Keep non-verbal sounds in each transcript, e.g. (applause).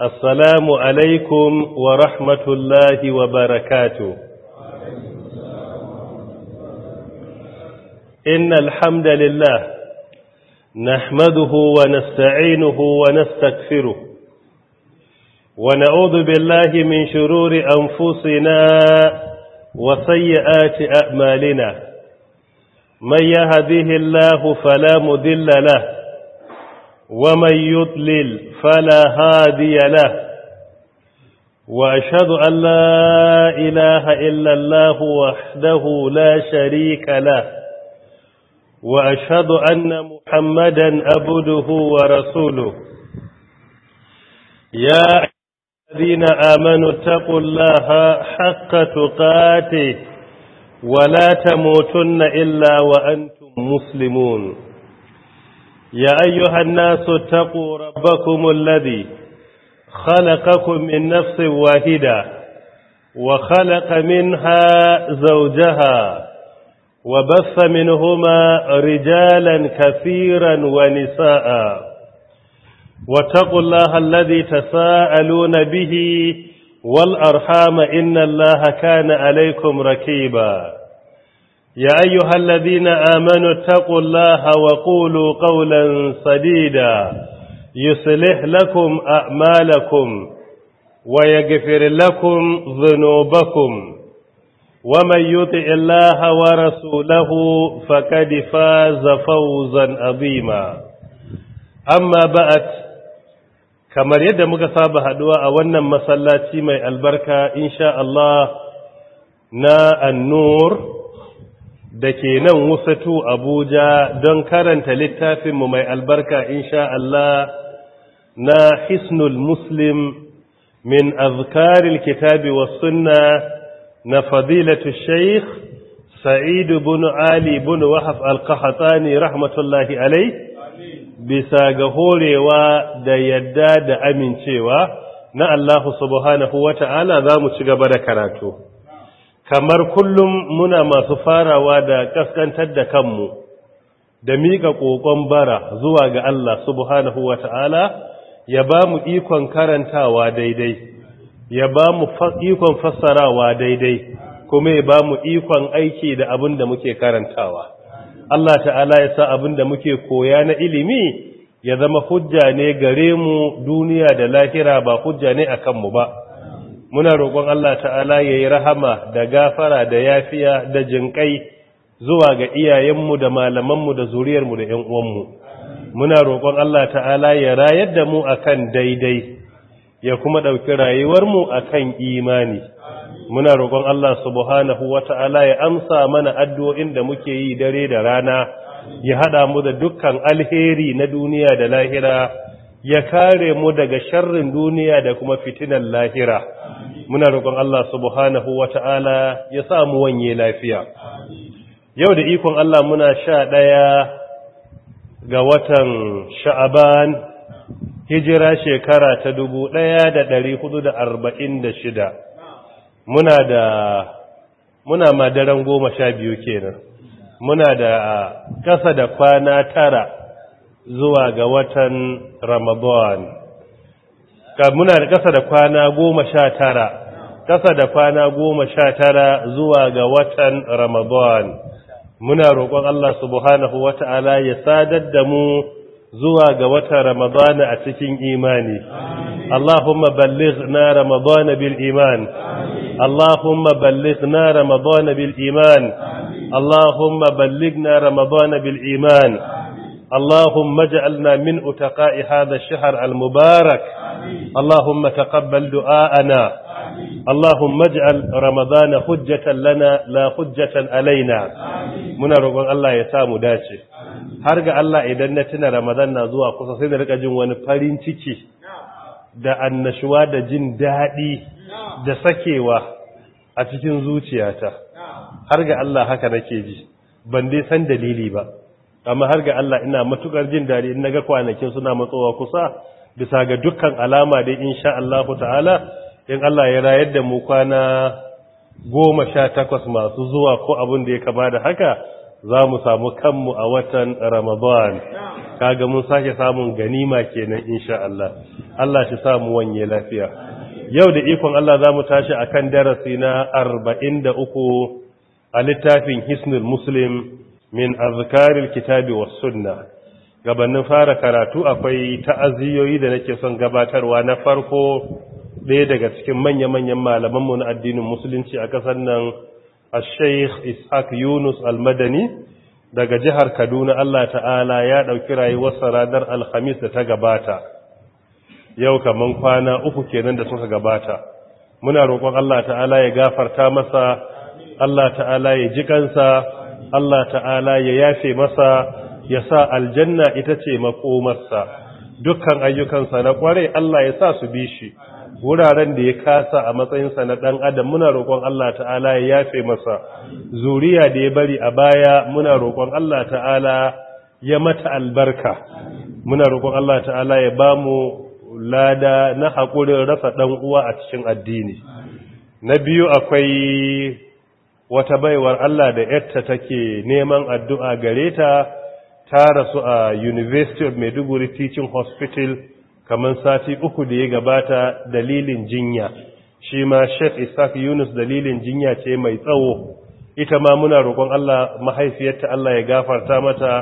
assalamu alaikum wa rahmatullahi wa barakatu إن الحمد لله نحمده ونستعينه ونستكفره ونعوذ بالله من شرور أنفسنا وسيئات أعمالنا من يهديه الله فلا مدل له ومن يضلل فلا هادي له وأشهد أن لا إله إلا الله وحده لا شريك له وأشهد أن محمدا عبده ورسوله يا الذين آمنوا اتقوا الله حق تقاته ولا تموتن إلا وأنتم مسلمون يا أيها الناس اتقوا ربكم الذي خلقكم من نفس واحدة وخلق منها زوجها وبث منهما رجالا كثيرا ونساء واتقوا الله الذي تساءلون به والأرحام إن الله كان عليكم ركيباً يا أيها الذين آمنوا اتقوا الله وقولوا قولا صديدا يصلح لكم أعمالكم ويغفر لكم ذنوبكم ومن يطع الله ورسوله فقد فاز فوزا عظيما أما بعد kamar yadda muka saba haduwa a wannan masallaci mai albarka insha Allah na annur da ke nan wusatu abuja don karanta littafinmu mai albarka insha Allah na hisnul muslim min azkaril kitabi wa sunna na fadilatu sheikh sa'idu bin ali bin wahaf alkahatsani rahmatullahi alai bisa ga horewa da yadda da amincewa na Allah subhanahu wa ta'ala za mu ci gaba da karatu kamar kullum muna masu farawa da kaskantar da kanmu da miƙa ƙoƙon bara zuwa ga Allah subhanahu wa ta'ala ya ba mu ikon karantawa daidai ya ba mu ikon fassarawa daidai kuma ya ba mu ikon aiki da abin da muke karantawa Allah ta'ala ya sa abin da muke koya na ilimi ya zama hujja ne gare mu duniya da lahira ba hujja ne a kanmu ba muna roƙon Allah ta'ala ya yi rahama da gafara da yafiya da jinƙai zuwa ga iyayenmu da malamanmu da zuriyarmu da 'yan'uwanmu. muna roƙon Allah ta'ala ya rayar da mu akan daidai ya kuma ɗauki rayuwarmu akan imani muna roƙon Allah subhanahu wa ta'ala ya amsa mana addu'o'in da muke yi dare da rana ya haɗa mu da dukkan alheri na duniya da lahira ya kare mu daga sharrin duniya da kuma fitinan lahira muna roƙon Allah subhanahu wata'ala ya samu wanye lafiya yau da ikon Allah muna sha ɗaya ga watan sha'aban hijira shekara ta dubu ɗaya da ɗari hudu da arba'in da shida muna da muna madaran goma sha biyu kenan muna da ƙasa da kwana tara zuwa ga watan ramadan muna da ƙasa da kwana goma sha tara kasa da kwana goma sha tara zuwa ga watan Ramadan. Muna roƙon Allah subhanahu wa ta'ala ya sadar da mu zuwa ga watan Ramadan a cikin imani. Allahumma balligh na Ramadan bil iman. Allahumma balligh na Ramadan bil iman. Allahumma balligh na Ramadan bil iman. اللهم اجعلنا من أتقاء هذا الشهر المبارك اللهم تقبل دعاءنا Allahumma ij'al ramadana hujjatan lana la hujjatan alaina muna roƙon Allah ya sa mu dace har ga Allah idan na tuna ramadan na zuwa kusa sai na rika jin wani farin ciki da annashuwa da jin daɗi da sakewa a cikin zuciyata har ga Allah haka nake ji ban dai san dalili ba amma har ga Allah ina matukar jin daɗi in naga kwanakin suna matsowa kusa bisa ga dukkan alama dai insha Allah ta'ala in Allah ya rayar da mu kwana goma sha takwas masu zuwa ko abin da ya kama da haka za mu samu kanmu a watan ramadan kaga mun sake samun ganima kenan insha Allah Allah shi samu wanye lafiya yau da ikon Allah za mu tashi a kan darasi na arba'in da uku a littafin hisnul muslim min azkaril kitabi wa sunna gabanin fara karatu akwai ta'aziyoyi da nake son gabatarwa na farko ɗaya daga cikin manya-manyan malamanmu na addinin musulunci a ƙasar nan a sheikh ishaq yunus almadani daga jihar kaduna allah ta'ala ya ɗauki rayuwarsa ranar alhamis da ta gabata yau kamar kwana uku kenan da suka gabata muna roƙon allah ta'ala ya gafarta masa allah ta'ala ya ji kansa allah ta'ala ya yafe masa ya sa aljanna ita ce makomarsa dukkan ayyukansa na ƙware allah ya sa su bi shi wuraren da ya kasa a matsayinsa na ɗan adam muna roƙon Allah ta'ala ya yafe masa zuriya da ya bari a baya muna roƙon Allah ta'ala ya mata albarka muna roƙon Allah ta'ala ya ba mu lada na haƙurin rasa ɗan uwa a cikin addini na biyu akwai wata baiwar Allah da yarta take neman addu'a gare ta ta rasu a University of Maiduguri Teaching Hospital kamar sati uku da ya gabata dalilin jinya shi ma shek Isaac Yunus dalilin jinya ce mai tsawo ita ma muna roƙon Allah mahaifiyarta Allah ya gafarta mata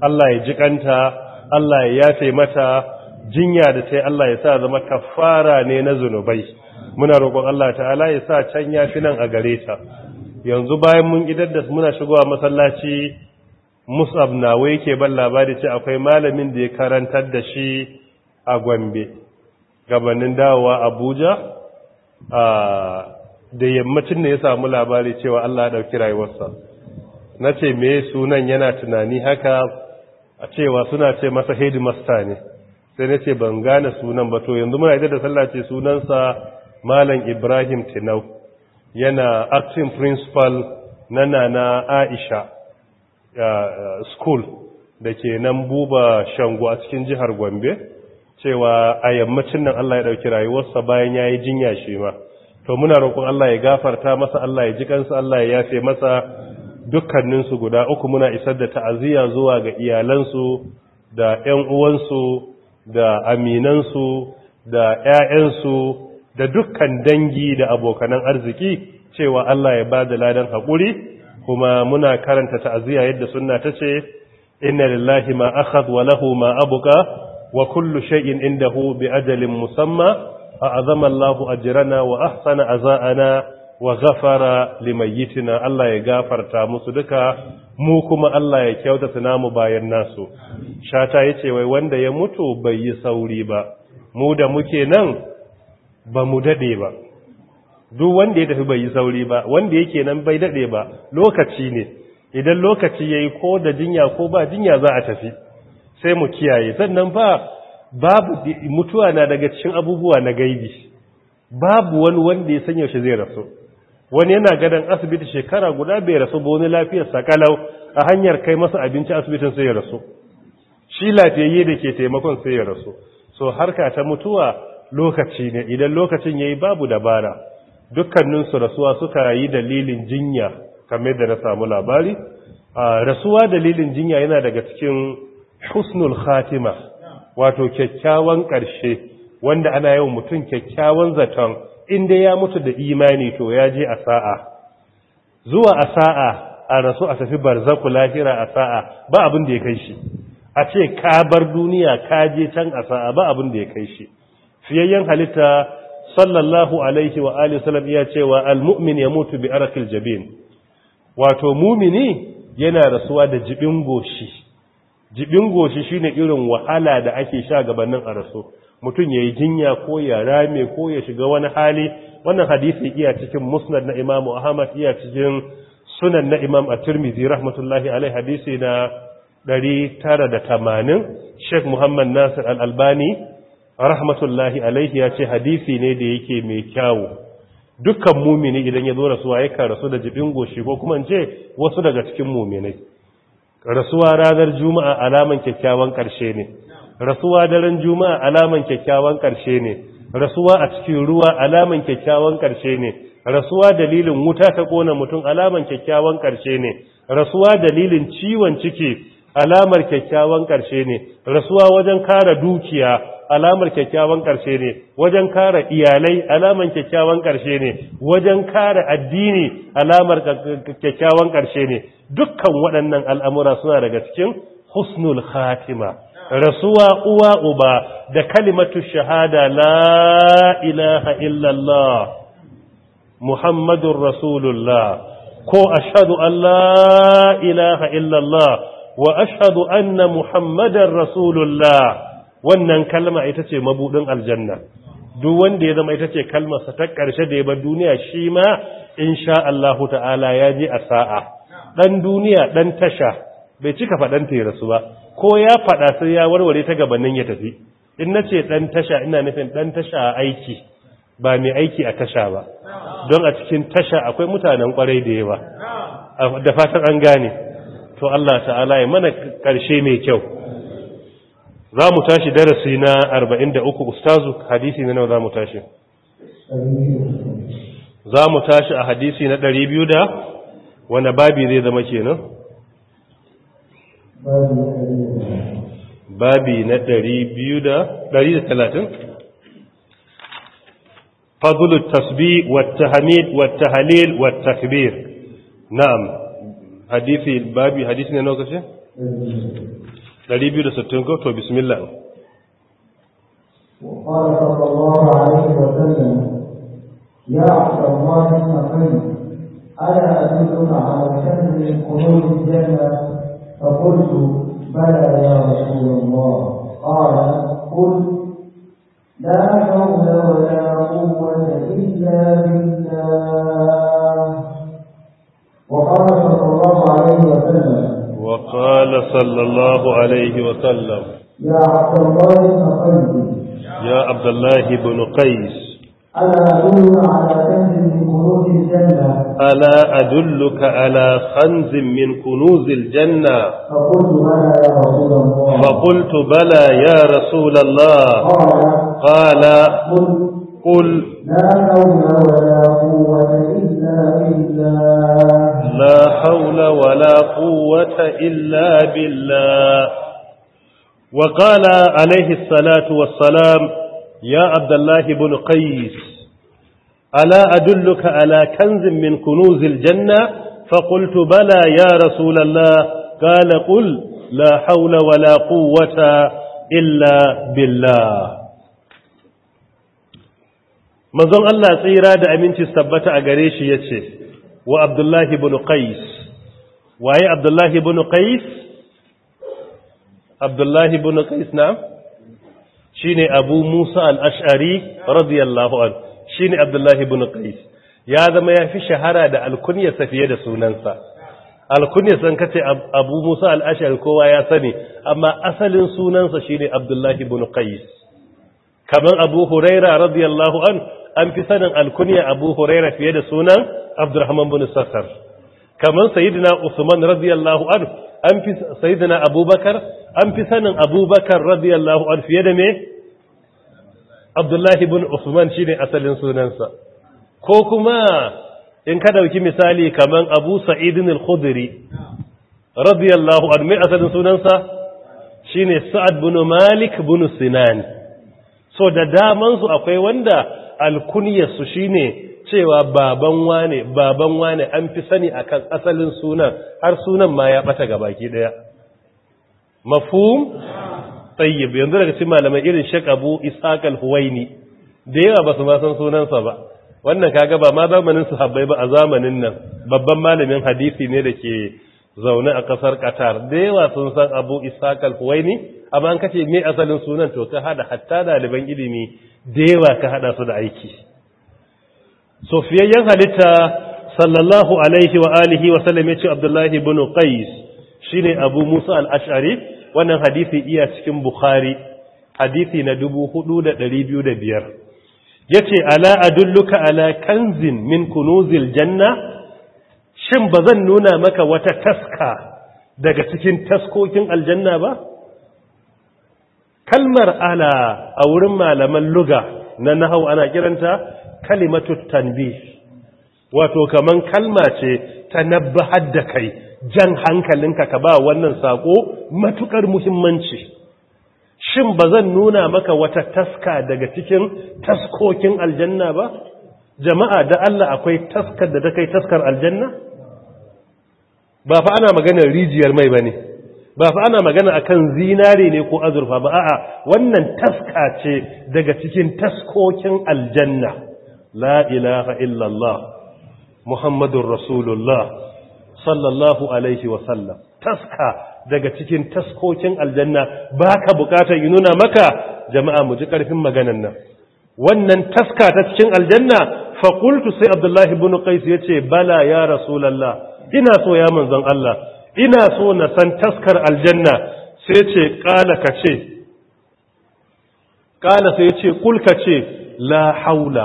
Allah ya jikanta Allah ya yafe mata jinya da ta Allah ya sa zama kafara ne na zunubai muna roƙon Allah ta'ala ya sa can ya fi nan a gare ta yanzu bayan mun idar da muna shigowa masallaci Mus'ab Wai yake ban labari ce akwai malamin da ya karantar da shi a gwambe gabanin dawowa abuja da yammacin da ya samu labari cewa allah ya ɗauki rayuwarsa na ce me sunan yana tunani haka a cewa suna ce masa hedimasta ne sai na ce ban gane sunan ba to yanzu muna idan da sallah ce sunansa malam ibrahim tinau yana acting principal na nana aisha school da ke nan buba shango a cikin jihar gombe cewa a yammacin nan Allah ya ɗauki rayuwarsa bayan ya yi jinya shi ma to muna roƙon Allah ya gafarta masa Allah ya ji kansa Allah ya yafe masa dukkaninsu guda uku muna isar da ta'aziyya zuwa ga iyalansu da ƴan uwansu da aminansu da 'ya'yansu da dukkan dangi da abokanan arziki cewa Allah ya bada ladan haƙuri kuma muna karanta ta'aziyya yadda sunna ta inna lillahi ma akhadha wa lahu ma abqa wa kullu shay'in indahu bi ajalin musamma a azama Allahu ajrana wa ahsana azana wa ghafara limayyitina Allah ya gafarta musu duka mu kuma Allah ya kyautata namu bayan nasu shata yace wai wanda ya mutu bai yi sauri ba mu da muke nan ba mu dade ba duk wanda ya tafi bai yi sauri ba wanda yake nan bai dade ba lokaci ne idan lokaci yayi ko da jinya ko ba jinya za a tafi sai mu kiyaye sannan ba babu mutuwa na daga cikin abubuwa na gaibi babu wani wanda ya sanya shi zai rasu wani yana gadon asibiti shekara guda bai rasu ba wani lafiyar sakalau a hanyar kai masa abinci asibitin sai ya rasu shi lafiyayye da ke taimakon sai ya rasu so harka ta mutuwa lokaci ne idan lokacin yayi babu dabara dukkanin su rasuwa suka yi dalilin jinya kamar da na samu labari ah, rasuwa dalilin jinya yana daga cikin husnul khatima wato kyakkyawan ƙarshe wanda ana yawan mutum kyakkyawan zaton inda ya mutu da imani to ya je a sa'a zuwa a sa'a a rasu a tafi barzaku lahira a sa'a ba abin da ya kai shi a ce ka bar duniya ka je can a sa'a ba abin da ya kai shi fiyayyen halitta sallallahu alaihi wa alihi wasallam ya cewa almu'min ya mutu bi arqil jabin wato mumini yana rasuwa da jibin goshi jibin goshi shine irin wahala da ake sha gabanin a rasu mutum ya yi jinya ko ya rame ko ya shiga wani hali wannan hadisi iya cikin musnad na imam ahmad iya cikin sunan na imam turmi zai, rahmatullahi alai hadisi na 980 sheikh muhammad nasir al-albani rahmatullahi alaihi ya ce hadisi ne da yake mai kyawu dukkan mumini idan ya zo rasuwa yakan rasu da jibin goshi ko kuma in ce wasu daga cikin muminai rasuwa ranar juma'a alaman kyakkyawan ƙarshe ne rasuwa daren juma'a alaman kyakkyawan ƙarshe ne rasuwa a cikin ruwa alaman kyakkyawan ƙarshe ne rasuwa dalilin wuta ta ƙona mutum alaman kyakkyawan ƙarshe ne rasuwa dalilin ciwon ciki alamar kyakkyawan ƙarshe ne rasuwa wajen kara dukiya alamar kyakkyawan ƙarshe ne wajen kara iyalai alamar kyakkyawan ƙarshe ne wajen kara addini alamar kyakkyawan ƙarshe ne dukkan waɗannan al'amura suna daga cikin husnul khatima rasuwa uwa uba da kalimatu shahada la ilaha illallah muhammadun rasulullah ko ashadu an la ilaha illallah wa ashhadu anna muhammadar rasulullah wannan kalma ita ce mabudin aljanna duk wanda ya zama ita ce kalmarsa ta ƙarshe da ya bar duniya shi ma insha Allahu ta'ala ya je a sa'a dan duniya dan tasha bai cika fadan ta rasu ba ko ya faɗa sai ya warware ta gabanin ya tafi in nace dan tasha ina nufin dan tasha a aiki ba mai aiki a tasha ba don a cikin tasha akwai mutanen kwarai da yawa da fatan an gane to Allah ta'ala ya mana ƙarshe mai kyau za mu tashi darasi na 43 ustazu hadisi na nawa za mu tashi za mu tashi a hadisi na 200 da wani babi zai zama kenan babi na 230 fadlu tasbi wa Hamid, wa Halil, wa na'am hadisi babi حديثنا ne nawa kace 260 تو بسم الله وقال صلى الله عليه وسلم يا عبد الله بن مسعود الا ادلك على كنز قلوب الجنه فقلت بلى يا رسول الله قال قل لا حول ولا قوه الا بالله وقال وسلم وقال صلى الله عليه وسلم يا عبد الله بن قيس يا عبد الله بن قيس ألا أدلك على كنز من كنوز الجنة ألا أدلك على كنز من كنوز الجنة فقلت بلى يا رسول الله فقلت بلى يا رسول الله قال قال قل لا حول ولا قوة إلا بالله لا حول ولا قوة إلا بالله وقال عليه الصلاة والسلام يا عبد الله بن قيس ألا أدلك على كنز من كنوز الجنة فقلت بلى يا رسول الله قال قل لا حول ولا قوة إلا بالله manzon الله tsira da aminci tabbata a gare wa abdullahi bin qais waye abdullahi bin qais abdullahi bin qais na shine abu musa al-ash'ari radiyallahu an shine abdullahi bin qais ya zama ya fi shahara da alkunyarsa fiye da sunansa alkunyarsa san kace abu musa al-ash'ari kowa ya sani amma asalin sunansa shine abdullahi bin qais kaman abu huraira radiyallahu an an fi sanin alkuniya abu huraira fiye da sunan abdurrahman bin sassar kamar sayidina usman radiyallahu anhu an fi sayidina abubakar an fi sanin abubakar radiyallahu anhu fiye da me abdullahi bin usman shine asalin sunansa ko kuma in ka dauki misali kamar abu sa'idin al-khudri radiyallahu anhu mai asalin sunansa shine sa'ad bin malik bin sinan so da damansu akwai wanda shi ne cewa baban wane baban wane an fi sani a kan asalin sunan har sunan ma ya bata gabaki ɗaya. mafhum tsayyib yanzu daga cin malamai irin shek Abu Isakal huwaini da yawa basu ma san sunansa ba wannan kaga ba ma zamanin sahabbai ba a zamanin nan babban malamin hadisi ne da ke zaune a ƙasar Qatar da yawa sun san Abu Isakal huwaini amma an kace me asalin sunan to ka hada hatta daliban ilimi da ka hada su da aiki so fiyayyen halitta sallallahu alaihi wa alihi wa sallam yace abdullahi ibn qais shine abu musa al-ash'ari wannan hadisi iya cikin bukhari hadisi na dubu da biyu 4205 yace ala adulluka ala kanzin min kunuzil janna shin bazan nuna maka wata taska daga cikin taskokin aljanna ba kalmar ala a wurin malaman luga na nahau ana kiranta kalimatu tanbih wato kaman kalma ce ta nabbahar da kai jan hankalinka ka ba wannan sako matukar muhimmanci shin ba zan nuna maka wata taska daga cikin taskokin aljanna ba jama'a da Allah akwai taskar da ta kai taskar aljanna ba fa ana maganar rijiyar mai bane ba fa ana magana akan zinare ne ko azurfa ba a'a wannan taska ce daga cikin taskokin aljanna la ilaha illallah muhammadur rasulullah sallallahu alaihi wa sallam taska daga cikin taskokin aljanna ba ka bukatar yi nuna maka jama'a mu ji ƙarfin maganan nan wannan taska ta cikin aljanna faƙultu sai abdullahi bin qais ya ce bala ya rasulallah ina so ya manzon Allah ina so na san taskar aljanna sai ce kala ka ce kala sai ce kul ka ce la haula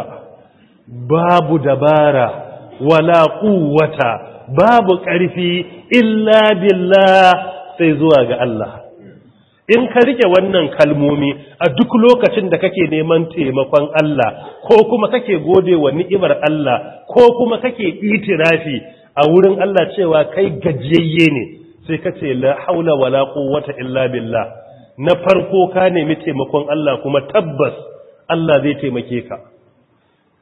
babu dabara wala quwwata babu ƙarfi illa billah sai zuwa ga Allah in ka rike wannan kalmomi a duk lokacin da kake neman taimakon Allah ko kuma kake gode wa ni'imar Allah ko kuma kake itirafi a wurin Allah cewa kai gajiyayye ne sai ka ce la haula wala quwwata illa billah na farko ka nemi taimakon Allah kuma tabbas Allah zai taimake ka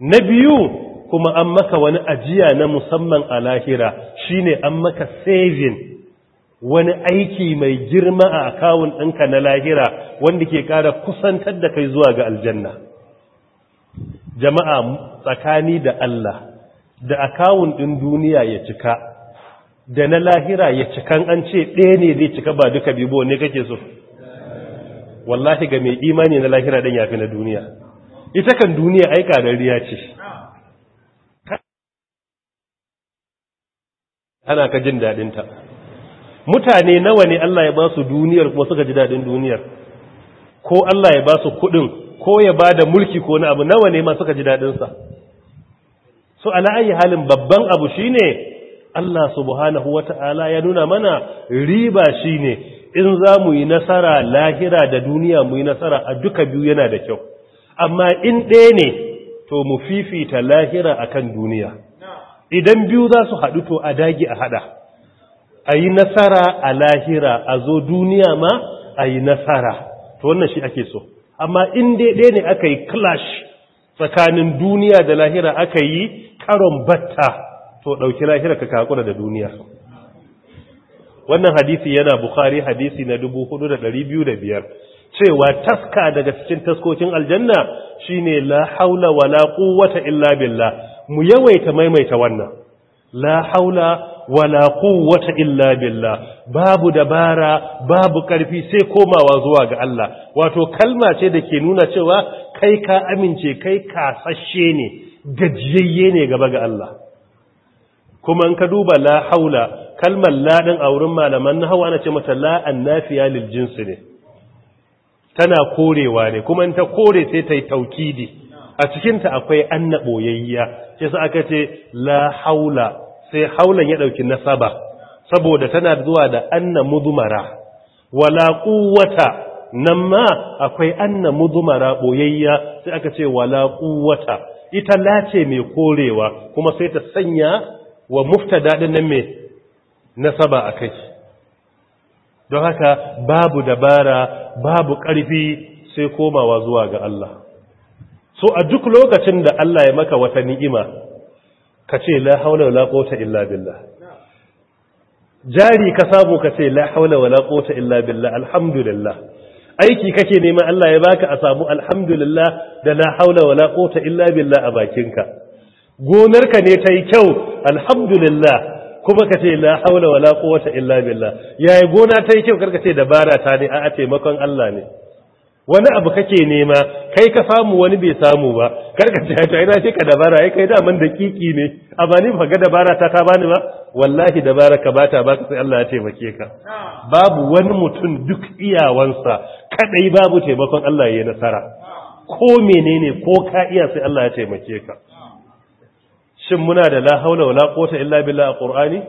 na biyu kuma an maka wani ajiya na musamman a lahira shine an maka saving wani aiki mai girma a akawun ɗinka na lahira wanda ke ƙara kusantar da kai zuwa ga aljanna jama'a tsakani da Allah da akawun ɗin duniya ya cika da na lahira ya cikan an ce ɗaya ne zai cika ba duka bibo ne kake so wallahi ga mai imani na lahira ɗin ya fi na duniya ita kan duniya aika da riya ce ana ka jin daɗinta mutane nawa ne Allah ya ba su duniyar kuma suka ji daɗin duniyar ko Allah ya ba su kuɗin ko ya ba da mulki ko na abu nawa ne ma suka ji daɗinsa so ala ayi halin babban abu shine Allah subhanahu wata'ala ya nuna mana riba shine in za mu yi nasara lahira da duniya mu yi nasara a duka biyu yana da kyau amma in ɗaya ne to mu fifita lahira akan duniya idan biyu za su haɗu to a dagi a haɗa a yi nasara a lahira a zo duniya ma a yi nasara to wannan shi ake so amma in dai ɗaya ne aka yi clash tsakanin duniya da lahira aka yi karon batta to ɗauki lahira ka kakura da duniya wannan hadisi yana bukari hadisi na 4,205 cewa taska daga cikin taskokin aljanna shine la haula wa la kowata illa billah mu yawaita maimaita wannan la haula wa la kowata illa billah babu dabara babu karfi sai komawa zuwa ga Allah wato kalma ce da ke nuna cewa kai ka amince kai kasashe ne gajiyayye ne gaba ga Allah kuma ka duba la haula kalmar la a wurin malaman na hawa na ce mata la annafiya lil jinsi ne tana korewa ne kuma ta kore sai ta yi taukidi a cikinta akwai annaboyayya sai sa aka ce la haula sai haulan ya ɗauki nasaba saboda tana zuwa da anna mudmara wala quwwata nan ma akwai anna mudumara boyayya sai aka ce wala wata ita lace mai korewa kuma sai ta sanya wa mufta daɗin nan mai nasaba a kai. don haka babu dabara babu ƙarfi sai komawa zuwa ga Allah so a duk lokacin da Allah ya maka wata ni'ima ka ce la haula wala quwwata illa billah jari ka samu ka ce la haula wala quwwata illa billah alhamdulillah aiki kake neman Allah ya baka a samu alhamdulillah da la haula wala quwwata illa billah a bakinka gonarka ne ta kyau alhamdulillah kuma kace ce la haula wala quwwata illa billah yayi gona ta kyau karka ce dabara ta ne a taimakon Allah ne wani abu kake nema kai ka samu wani bai samu ba karka ce to ina ce ka dabara ai kai da man dakiki ne amma ni ba ga dabara ta ta bani ba wallahi da ba bata baka sai Allah ya taimake ka babu wani mutum duk iyawansa kadai babu taimakon Allah ya yi nasara ko menene ko ka iya sai Allah ya taimake ka shin muna da la haula wala quwwata illa billah a qur'ani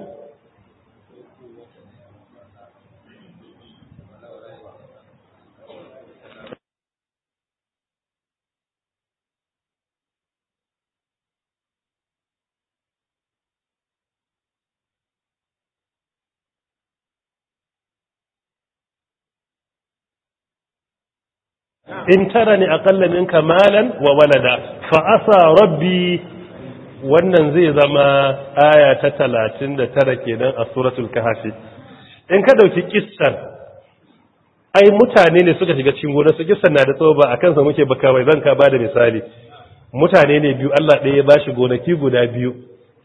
in tara a aqalla minka malan wa walada fa asa rabbi wannan zai zama aya ta da 39 kenan a suratul kahfi in ka dauki kissar ai mutane ne suka shiga cikin gona su kissar na da tsoba a akan muke baka bai zan ka da misali mutane ne biyu Allah ɗaya ya shi gonaki guda biyu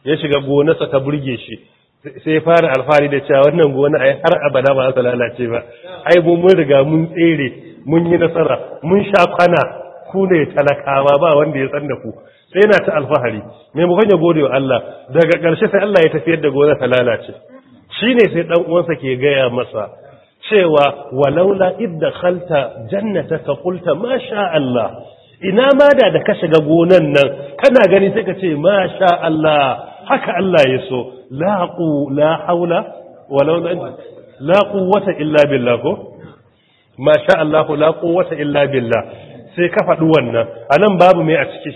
ya shiga gonarsa ta burge shi sai ya fara alfahari da cewa wannan gona ai har abada ba za ta lalace ba ai mun riga mun tsere mun yi nasara mun sha kwana ku ne talakawa ba wanda ya tsanda ku sai yana ta alfahari mai maimakon ya gode wa Allah daga ƙarshe sai Allah ya tafiyar da gona ta lalace shi ne sai ɗan uwansa ke gaya masa cewa walaula idda khalta ka kulta ma sha Allah ina ma da da ka shiga gonan nan kana gani sai ka ce ma sha Allah haka Allah ya so la qu la haula walaula la quwwata illa billah ko ma sha Allah la quwwata illa billah sai ka faɗi wannan anan babu mai a ciki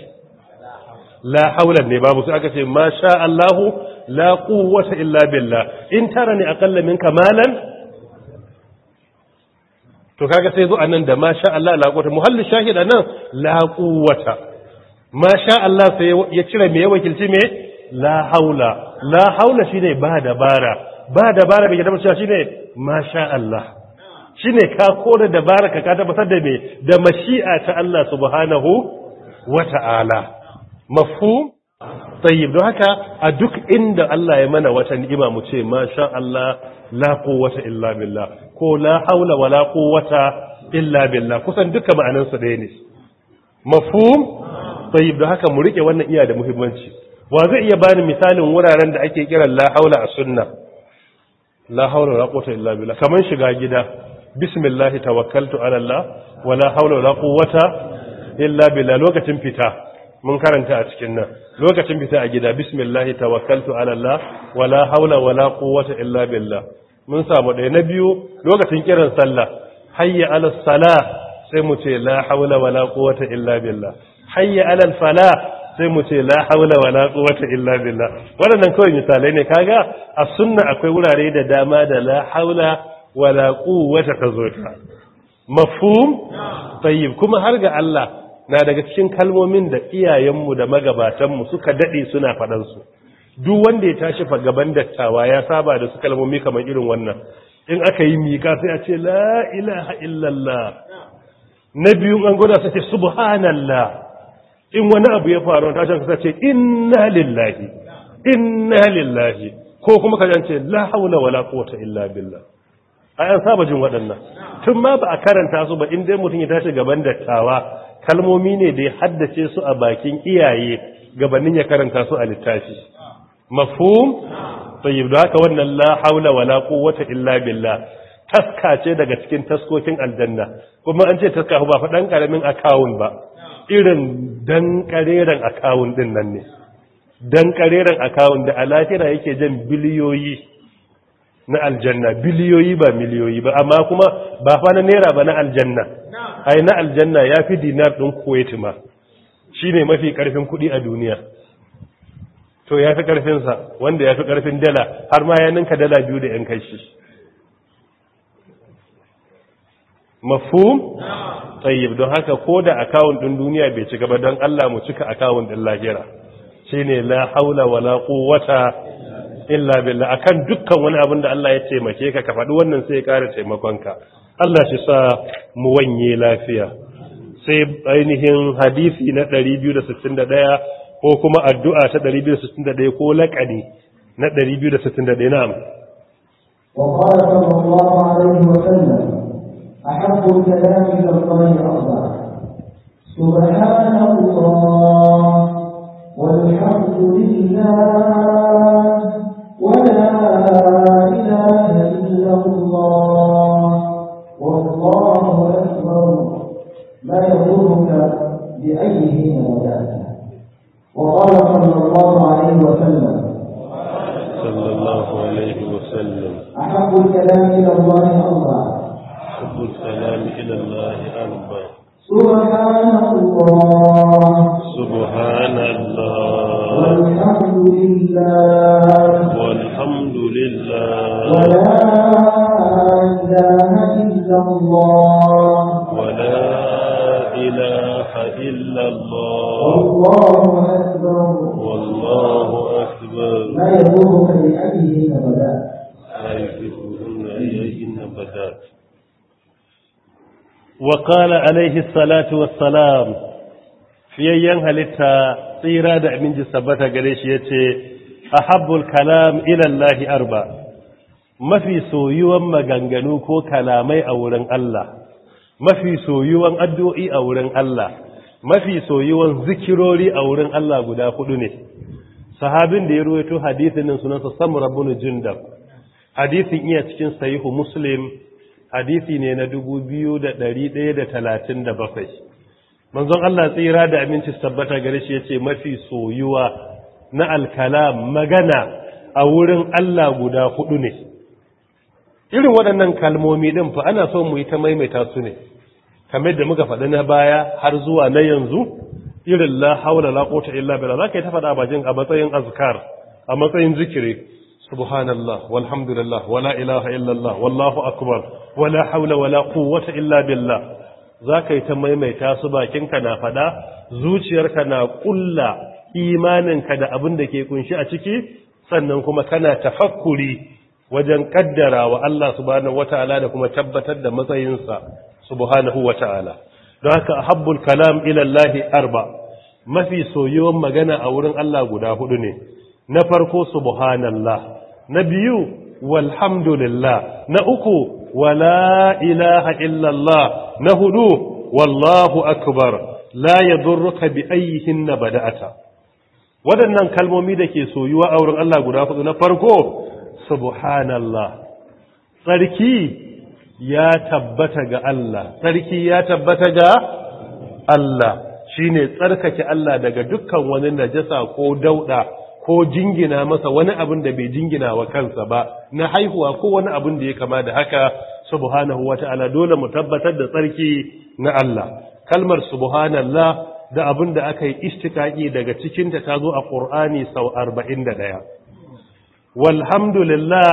la haula ne babu sai aka ce ma sha Allahu la quwwata illa billah in tara ne akalla min kamalan to kaga sai zo anan da ma sha Allah la quwwata muhallu shahid anan la quwwata ma sha Allah sai ya cire me wakilci mai la haula la haula shine ba dabara ba dabara bai da cewa shine ma sha Allah Shi ne ka da dabara ka tabbatar da me da mashi'a ta Allah subhanahu wa ta'ala. Mafu, tsayi don haka a duk inda Allah ya mana wata ni'ima mu ce masha Allah la wata illa biLla ko la haula wa wala wata illa biLla kusan duka ma'anansa ɗaya ne Mafu, tsayi don haka mu rike wannan iya da muhimmanci wa zai iya bani misalin wuraren da ake kiran la haula a sunna la haula wa wala wata illa biLla. kaman shiga gida bismillahi tawakkaltu ala Allah wala haula wala quwwata illa billah lokacin fita mun karanta a cikin nan lokacin fita a gida bismillahi tawakkaltu ala Allah wala haula wala quwwata illa billah mun samu ɗaya na biyu lokacin kiran sallah hayya ala sala sai mu ce la haula wala quwwata illa billah hayya ala fala sai mu ce la haula wala quwwata illa billah waɗannan kawai misalai ne kaga a sunna akwai wurare da dama da la haula wala quwwata kazoka mafhum tayyib kuma har ga Allah na daga cikin kalmomin da iyayenmu da magabatanmu suka dade suna fadan duk wanda ya tashi fa gaban dattawa ya saba da su kalmomi kamar irin wannan in aka yi mika sai a ce la ilaha illallah na biyun an gwada sai subhanallah in wani abu ya faru ta shan kasa ce inna lillahi inna lillahi ko kuma ka jance la haula wala quwwata illa billah ayan an saba jin waɗannan tun ma ba a karanta su ba in dai mutum ya tashi gaban dattawa kalmomi ne da ya haddace su a bakin iyaye gabanin ya karanta su a littafi mafhum yi. da haka wannan la haula wala quwwata illa billah taska ce daga cikin taskokin aljanna kuma an ce taska ba fa ɗan karamin akawun ba irin dan kareren akawun din nan ne dan kareren akawun da a yake jan biliyoyi na aljanna biliyoyi ba miliyoyi ba amma kuma ba fa na naira ba na aljanna ai na aljanna ya fi dinar ɗin Kuwait ma shine mafi ƙarfin kuɗi a duniya to ya fi ƙarfinsa wanda ya fi ƙarfin dala har ma ya ninka dala biyu da 'yan kashi mafhum tayyib don haka ko da akawun ɗin duniya bai ci gaba don Allah mu cika akawun ɗin lahira shine la haula wala quwwata illa billah akan dukkan wani abin da Allah ya taimake ka ka faɗi wannan sai ya ƙara taimakonka Allah shi sa mu wanye lafiya sai ainihin hadisi na 261 ko kuma addu'a ta 261 ko laƙadi na 261 na'am وقال سبحان الله والحمد لله ولا إله إلا الله والله أكبر لا يضرك بأي حين وقال صلى الله عليه وسلم صلى الله عليه وسلم أحب الكلام إلى الله الله أحب الكلام إلى الله الله سبحان الله سبحان الله والحمد لله الحمد لله ولا إله إلا الله ولا إله إلا الله والله أكبر والله أكبر لا يضرك بأيهن بدات لا يشركهن أيهن بدات وقال عليه الصلاة والسلام fiyayyen halitta tsira da aminci sabbata gare shi ya ce ahabbul kalam ila Allah arba mafi soyuwan maganganu ko kalamai a wurin Allah mafi soyuwan addu'o'i a wurin Allah mafi soyuwan zikirori a wurin Allah guda hudu ne sahabin da ya ruwaito hadisin nan sunansa samura bin jundab hadithin iya cikin sahihu muslim hadisi ne na 2137 manzon Allah tsira da aminci tabbata gare shi yace mafi soyuwa na alkalam magana a wurin Allah guda hudu ne irin waɗannan kalmomi din fa ana so mu yi ta maimaita su ne kamar da muka faɗi na baya har zuwa na yanzu irin la haula la quwwata illa billah zaka ta faɗa bajin a matsayin azkar a matsayin zikiri subhanallah walhamdulillah wala ilaha illallah wallahu akbar wala haula wala quwwata illa billah zaka yi ta maimaita su bakinka na faɗa zuciyarka na ƙulla imaninka da abin da ke kunshi a ciki sannan kuma kana tafakkuri wajen kaddara wa Allah subhanahu wata'ala da kuma tabbatar da matsayinsa subhanahu wata'ala don haka habbul kalam ilallahi arba mafi soyuwan magana a wurin Allah guda hudu ne na farko subhanallah na biyu walhamdulillah na uku wala ilaha illallah na hudu wallahu akbar la yadurruka bi ayyihin bada'ata waɗannan kalmomi da ke soyuwa a wurin Allah guda hudu na farko subhanallah tsarki ya tabbata ga Allah tsarki ya tabbata ga Allah shine tsarkake Allah daga dukkan wani najasa ko dauɗa ko jingina masa wani abin da bai jingina wa kansa ba na haihuwa ko wani abin da ya kama da haka subhanahu wata'ala dole mu tabbatar da tsarki na Allah kalmar subhanallah da abin da aka yi istikaƙi daga cikinta ta zo a ƙur'ani sau 41 walhamdulillah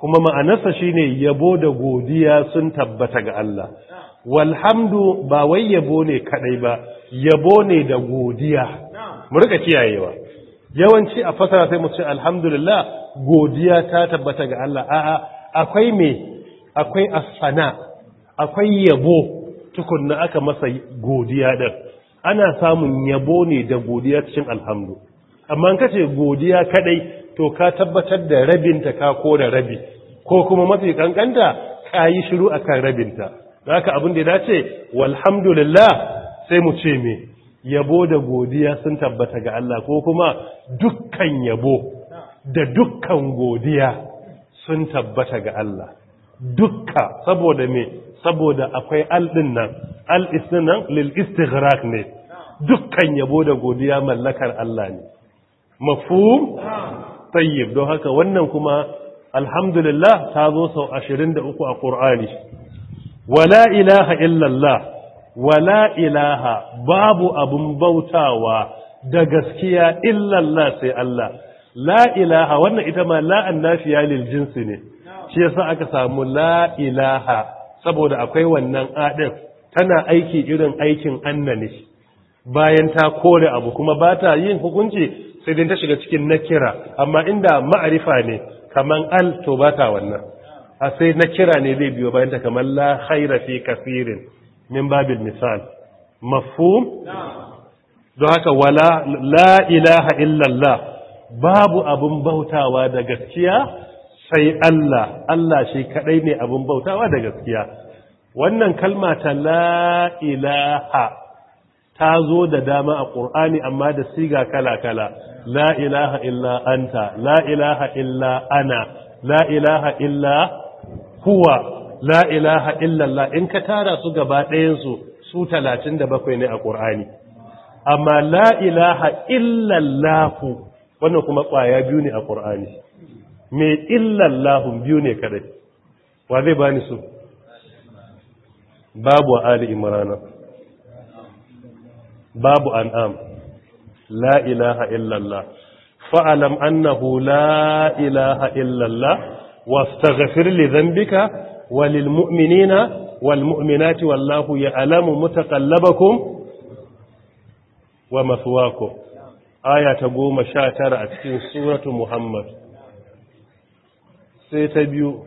kuma ma'anarsa shine yabo da godiya sun tabbata ga Allah walhamdu ba wai yabo ne kaɗai ba yabo ne da godiya mu rika kiyayewa yawanci a fasara sai mu ce alhamdulillah godiya ta tabbata ga Allah a'a akwai me akwai asana akwai yabo tukunna aka masa godiya din ana samun yabo ne da godiya cikin alhamdu amma ka ce godiya kadai to ka tabbatar da rabinta ka kora rabi ko kuma mafi kankanta ka yi shiru akan rabinta za ka abin da ya dace walhamdulillah sai mu ce me yabo da godiya sun tabbata ga Allah ko kuma dukkan yabo da dukkan godiya sun tabbata ga Allah dukka saboda me saboda akwai al din nan lil istighraq ne dukkan yabo da godiya mallakar Allah ne mafhum tayyib don haka wannan kuma alhamdulillah ta zo sau 23 a Qur'ani wala ilaha illallah wala ilaha babu abun bautawa da gaskiya illallah sai Allah la ilaha wannan ita ma la annafiya lil jinsi ne shi yasa aka samu la ilaha saboda akwai wannan adin tana aiki irin aikin annani bayan ta kore abu kuma ba ta yin hukunci sai dai ta shiga cikin nakira amma inda ma'arifa ne kaman al to ba ta wannan a sai nakira ne zai biyo bayan ta kaman la khaira fi kasirin min babil misal mafhum don haka wala la ilaha illallah babu abun bautawa da gaskiya sai Allah Allah shi kadai ne abun bautawa da gaskiya wannan kalma ta la ilaha ta zo da dama a ƙur'ani amma da siga kala-kala la ilaha illa anta la ilaha illa ana la ilaha illa huwa la ilaha illallah in ka tara su gaba ɗayansu su talatin da bakwai ne a ƙur'ani amma la ilaha ku. wannan kuma ƙwaya biyu ne a ƙur'ani mai illallahun biyu ne kadai wa zai bani su babu wa ali imrana babu an'am la ilaha illallah fa'alam annahu la ilaha illallah wastaghfir li dhanbika walil mu'minina wal mu'minati wallahu ya'lamu mutaqallabakum wa maswaakum aya ta tara a cikin suratu muhammad sai ta biyu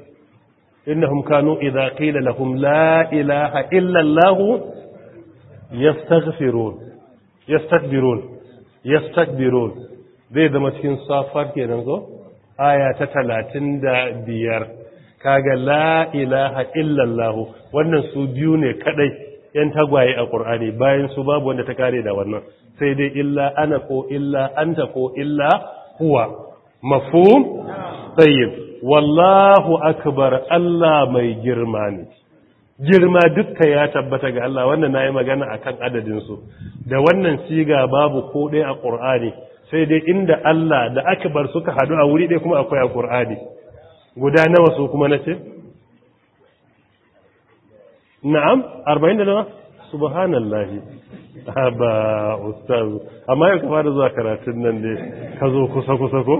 innahum kanu idza qila lahum la ilaha illa allah yastaghfirun yastakbirun yastakbirun zai zama cikin safar kenan zo aya ta talatin da biyar kaga la ilaha illallahu wannan su biyu ne kadai yan tagwaye a qur'ani bayan su babu wanda ta kare da wannan sai dai illa ana ko illa anta ko illa huwa mafhum tayyib wallahu akbar allah mai girma ne girma dukka ya tabbata ga Allah wannan na yi magana a kan adadinsu, da wannan siga babu ko dai a Qur'ani sai dai inda Allah da bar suka hadu a wuri ɗai kuma akwai a Qur'ani guda nawa su kuma na ce? na'am 40 da nawa subhanallahi ba, ustazu amma yau ka fara zuwa karatun nan dai ka zo kusa kusa ko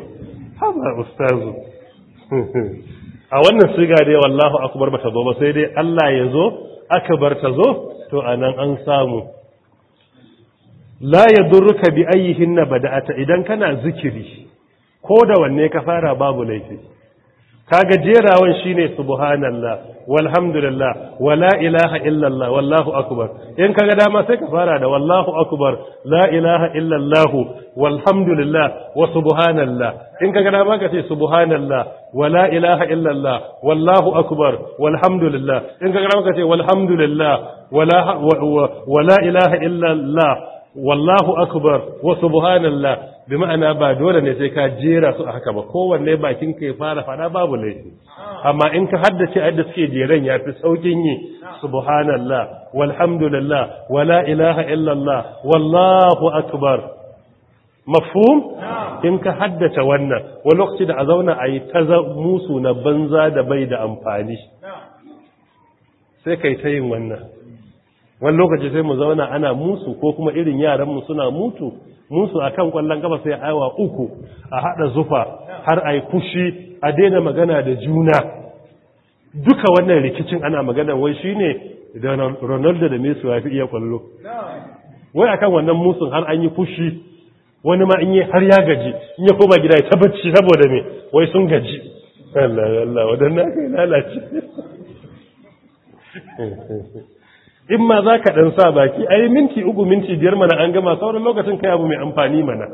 ba ustazu. (laughs) a wannan siga dai wallahu akbar bata zo ba sai dai Allah ya zo akbar ta zo to anan an samu la yadurruka bi ayyihin nabada'ata idan kana zikiri ko da wanne ka fara babu laifi kaga jerawan shine subhanallah walhamdulillah wala ilaha illallah wallahu akubar. in kaga dama sai ka fara da wallahu akubar. la ilaha illallah walhamdulillah wa subhanallah in kaga dama ka ce subhanallah wala ilaha illallah wallahu akubar. walhamdulillah in kaga dama ka ce walhamdulillah wala wala ilaha illallah wallahu akbar wasu subhanallah bi ma'ana ba dole ne sai ka jera su a haka ba kowanne bakin ka ya fara fada babu laifi amma in ka haddace yadda suke ya yafi saukin yi subhanallah walhamdulillah wala ilaha illallah wallahu akbar mafhum in ka haddace wannan wani lokaci da a zauna a yi ta musu na banza da bai da amfani sai kai ta yin wannan wani lokaci sai mu zauna ana musu ko kuma irin yaranmu suna mutu musu akan kwallon kafa sai aiwa uku a haɗa zufa har ai kushi a daina magana da juna duka wannan rikicin ana magana wai shine Ronaldo da Messi ya fi iya kwallo wai kan wannan musun har an yi kushi wani ma in yi har ya gaji in ya koma gida ya tabbaci saboda me wai sun gaji Allah Allah wadannan kai lalace (laughs) in ma za ka ɗan sa baki yi minti uku minti biyar mana an gama sauran lokacin kai abu mai amfani mana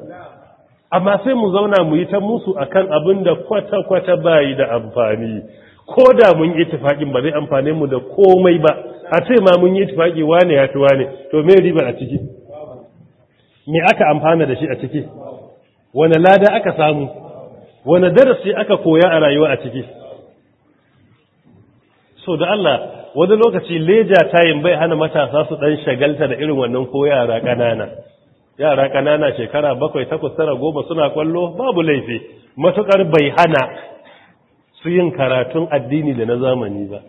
amma sai mu zauna mu yi ta musu a kan abin da kwata-kwata bayi da amfani ko da mun yi tufaƙin ba zai amfani mu da komai ba a ce ma mun yi tufaƙi wane ya fi wane to mai riba a ciki me aka amfana da shi a ciki wane lada aka samu wane darasi aka koya a rayuwa a ciki so da Allah wani lokaci leja tayin bai hana matasa su dan shagalta da irin wannan ko yara kanana yara kanana shekara bakwai takwas tara goma suna kwallo babu laifi matukar bai hana su yin karatun addini da na zamani ba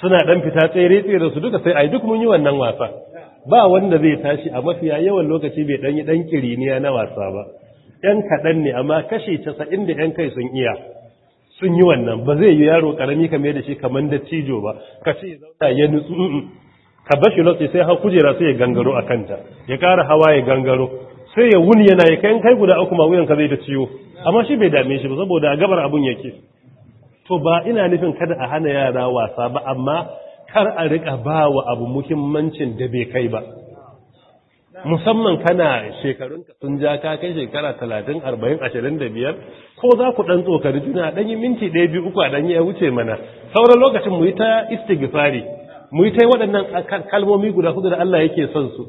suna dan fita tsere tsere su duka sai ai duk mun yi wannan wasa ba wanda zai tashi a mafiya yawan lokaci bai dan yi dan kiriniya na wasa ba yan kaɗan ne amma kashi 90 da yan kai sun iya sun yi wannan ba zai yi yaro karami ka mai da shi kamar da cijo ba ka ce zauna ya nutsu mm, mm. ka ba bashi lokaci sai har kujera sai ya gangaro a kanta ya kara hawa ya gangaro sai ya wuni yana ya kai kai guda uku ma wuyan ka zai ta ciwo amma shi bai dame shi ba saboda a gabar abun yake to ba ina nufin kada a hana yara wasa ba amma kar a riƙa ba wa abu muhimmancin da bai kai ba musamman kana shekarunka sun ja ka kai shekara 30 40 biyar ko za ku dan tsokari juna dan yi minti 1 biyu uku a dan ya wuce mana sauran lokacin mu yi ta istighfari mu yi ta waɗannan kalmomi guda hudu da Allah yake son su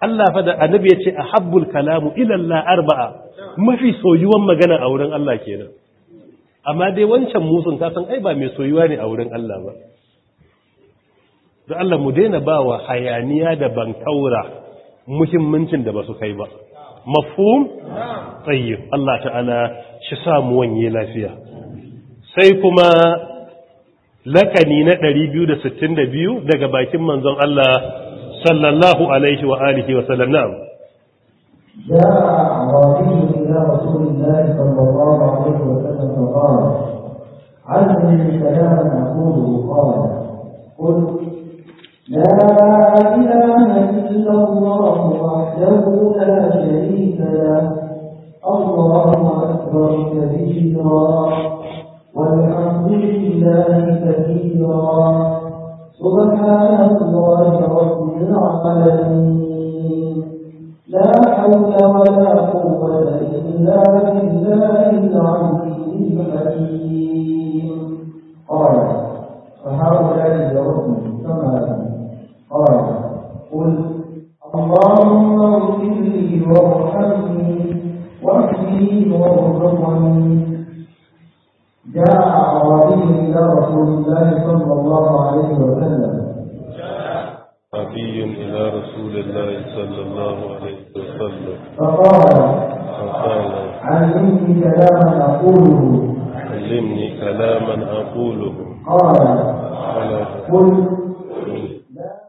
Allah fa da annabi ya ce a habbul kalamu ila Allah arba'a mafi soyuwan magana a wurin Allah kenan amma dai wancan musun ta san ai ba mai soyuwa ne a wurin Allah ba da Allah mu daina ba wa hayaniya da bankaura muhimmancin da ba su kai ba mafhum tsayi Allah ta'ala shi samu wanye lafiya sai kuma lakani na 262 daga bakin manzon Allah sallallahu alaihi wa alihi wa sallam جاء عربي إلى رسول الله صلى الله عليه لا إله إلا الله وحده لا شريك له الله أكبر كبيرا والحمد لله كثيرا سبحان الله رب العالمين لا حول ولا قوة إلا بالله العلي الحكيم قال فهؤلاء الركن كما قال قل اللهم اغفر لي وارحمني واهدني وارزقني جاء أعرابي إلى رسول الله صلى الله عليه وسلم عربي إلى رسول الله صلى الله عليه وسلم فقال فقال علمني كلاما أقوله علمني كلاما أقوله قال قل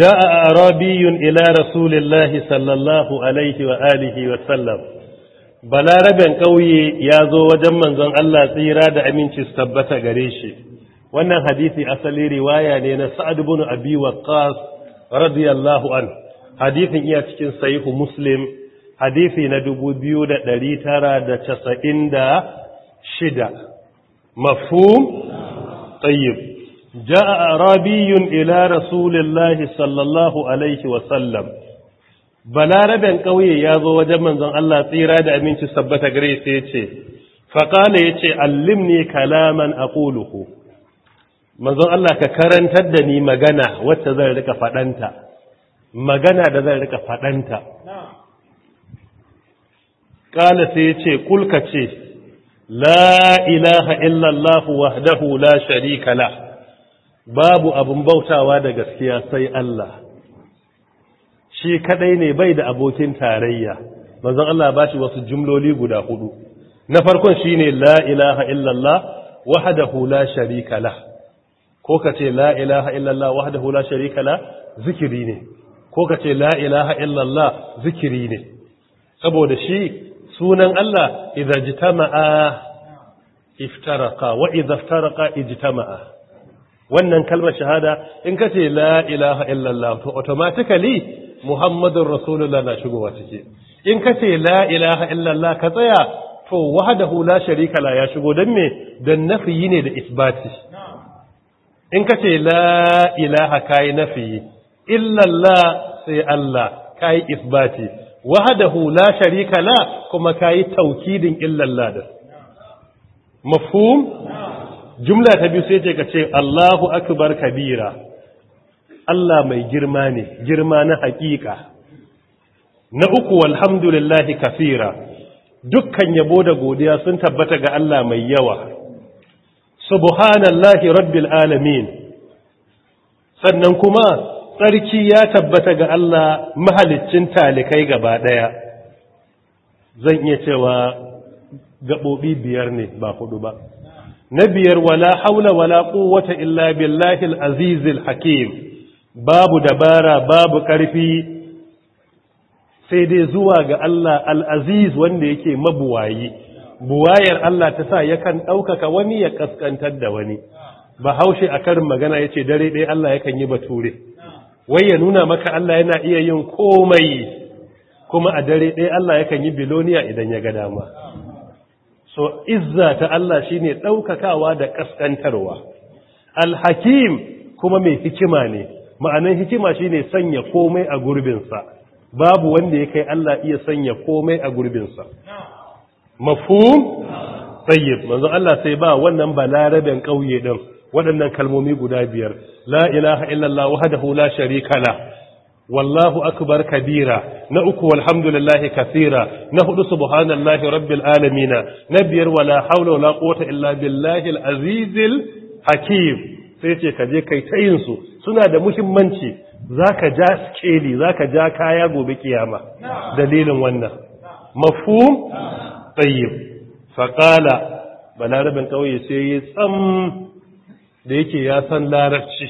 جاء أعرابي إلى رسول الله صلى الله عليه وآله وسلم بلا ربن قوي يازو وجمن زن الله سيرا دا أمين تستبت غريشي وانا حديثي أصلي رواية لنا سعد بن أبي وقاص رضي الله عنه حديث إيا تكين صحيح مسلم حديث ندبو بيو دا دليترا دا تسعين دا شدا مفهوم طيب جاء أعرابي إلى رسول الله صلى الله عليه وسلم بلاربن قوي يازو وجمن زن الله تيراد أمين تثبت غريس يتي فقال يتي علمني كلاما أقوله manzon Allah ka karantar da ni magana wacce zan rika fadanta magana da zan rika faɗanta. kala sai yace kulka ce la ilaha illallah wahdahu la babu abin bautawa da gaskiya sai Allah shi kadai ne bai da abokin tarayya manzon Allah ba shi wasu jumloli guda hudu na farkon shine la ilaha illallah wahdahu la sharika la ko kace la ilaha illallah wahdahu la sharika la zikiri ne ko kace la ilaha illallah zikiri ne saboda shi sunan Allah idza jitama'a iftaraqa wa idza iftaraqa ijtama'a wannan kalmar shahada in ka ce la ilaha illallah to automatically muhammadun rasulullah na shigowa ciki in ka ce la ilaha illallah ka tsaya to wahada hula sharika la ya shigo dan me dan nafiyi ne da isbati in ka ce la ilaha yi nafiyi illallah sai Allah yi isbati wahada hula sharika la kuma kai taukidin illallah da mafhum jumla ta biyu sai ce ka ce Allahu akbar kabira Allah mai girma ne girma na hakika na uku walhamdulillahi kafira dukkan yabo da godiya sun tabbata ga Allah mai yawa subhanallahi rabbil alamin sannan kuma tsarki ya tabbata ga Allah mahaliccin talikai gaba daya zan iya cewa gabobi biyar ne ba hudu ba na biyar wala haula wala quwwata illa billahi azizil hakim babu dabara babu karfi sai dai zuwa ga Allah Al'aziz wanda yake mabuwayi buwayar Allah ta sa yakan ɗaukaka wani ya ƙasƙantar da wani bahaushe a karin magana yace dare ɗaya Allah yakan yi bature wai ya nuna maka Allah yana iya yin komai kuma a dare ɗaya Allah yakan yi biloniya idan ya ga dama so izza ta Allah ne ɗaukakawa da ƙasƙantarwa alhakim kuma mai hikima ne Ma'anin hikima shi ne sanya komai a gurbinsa babu wanda ya kai Allah iya sanya komai a gurbinsa mafhum tayyib manzo Allah sai ba wannan balarabin ƙauye ɗin, waɗannan kalmomi guda biyar la ilaha illallah wahdahu la sharika la wallahu akbar kabira na uku walhamdulillahi kathira na hudu subhanallahi rabbil alamina, na biyar wala haula wala quwwata illa billahi alazizil hakim sai ce ka je kai yin su suna da muhimmanci zaka ja skeli zaka ja kaya gobe kiyama dalilin wannan mafhum tayyib faqala balarabin kauye sai ya tsam da yake ya san larabci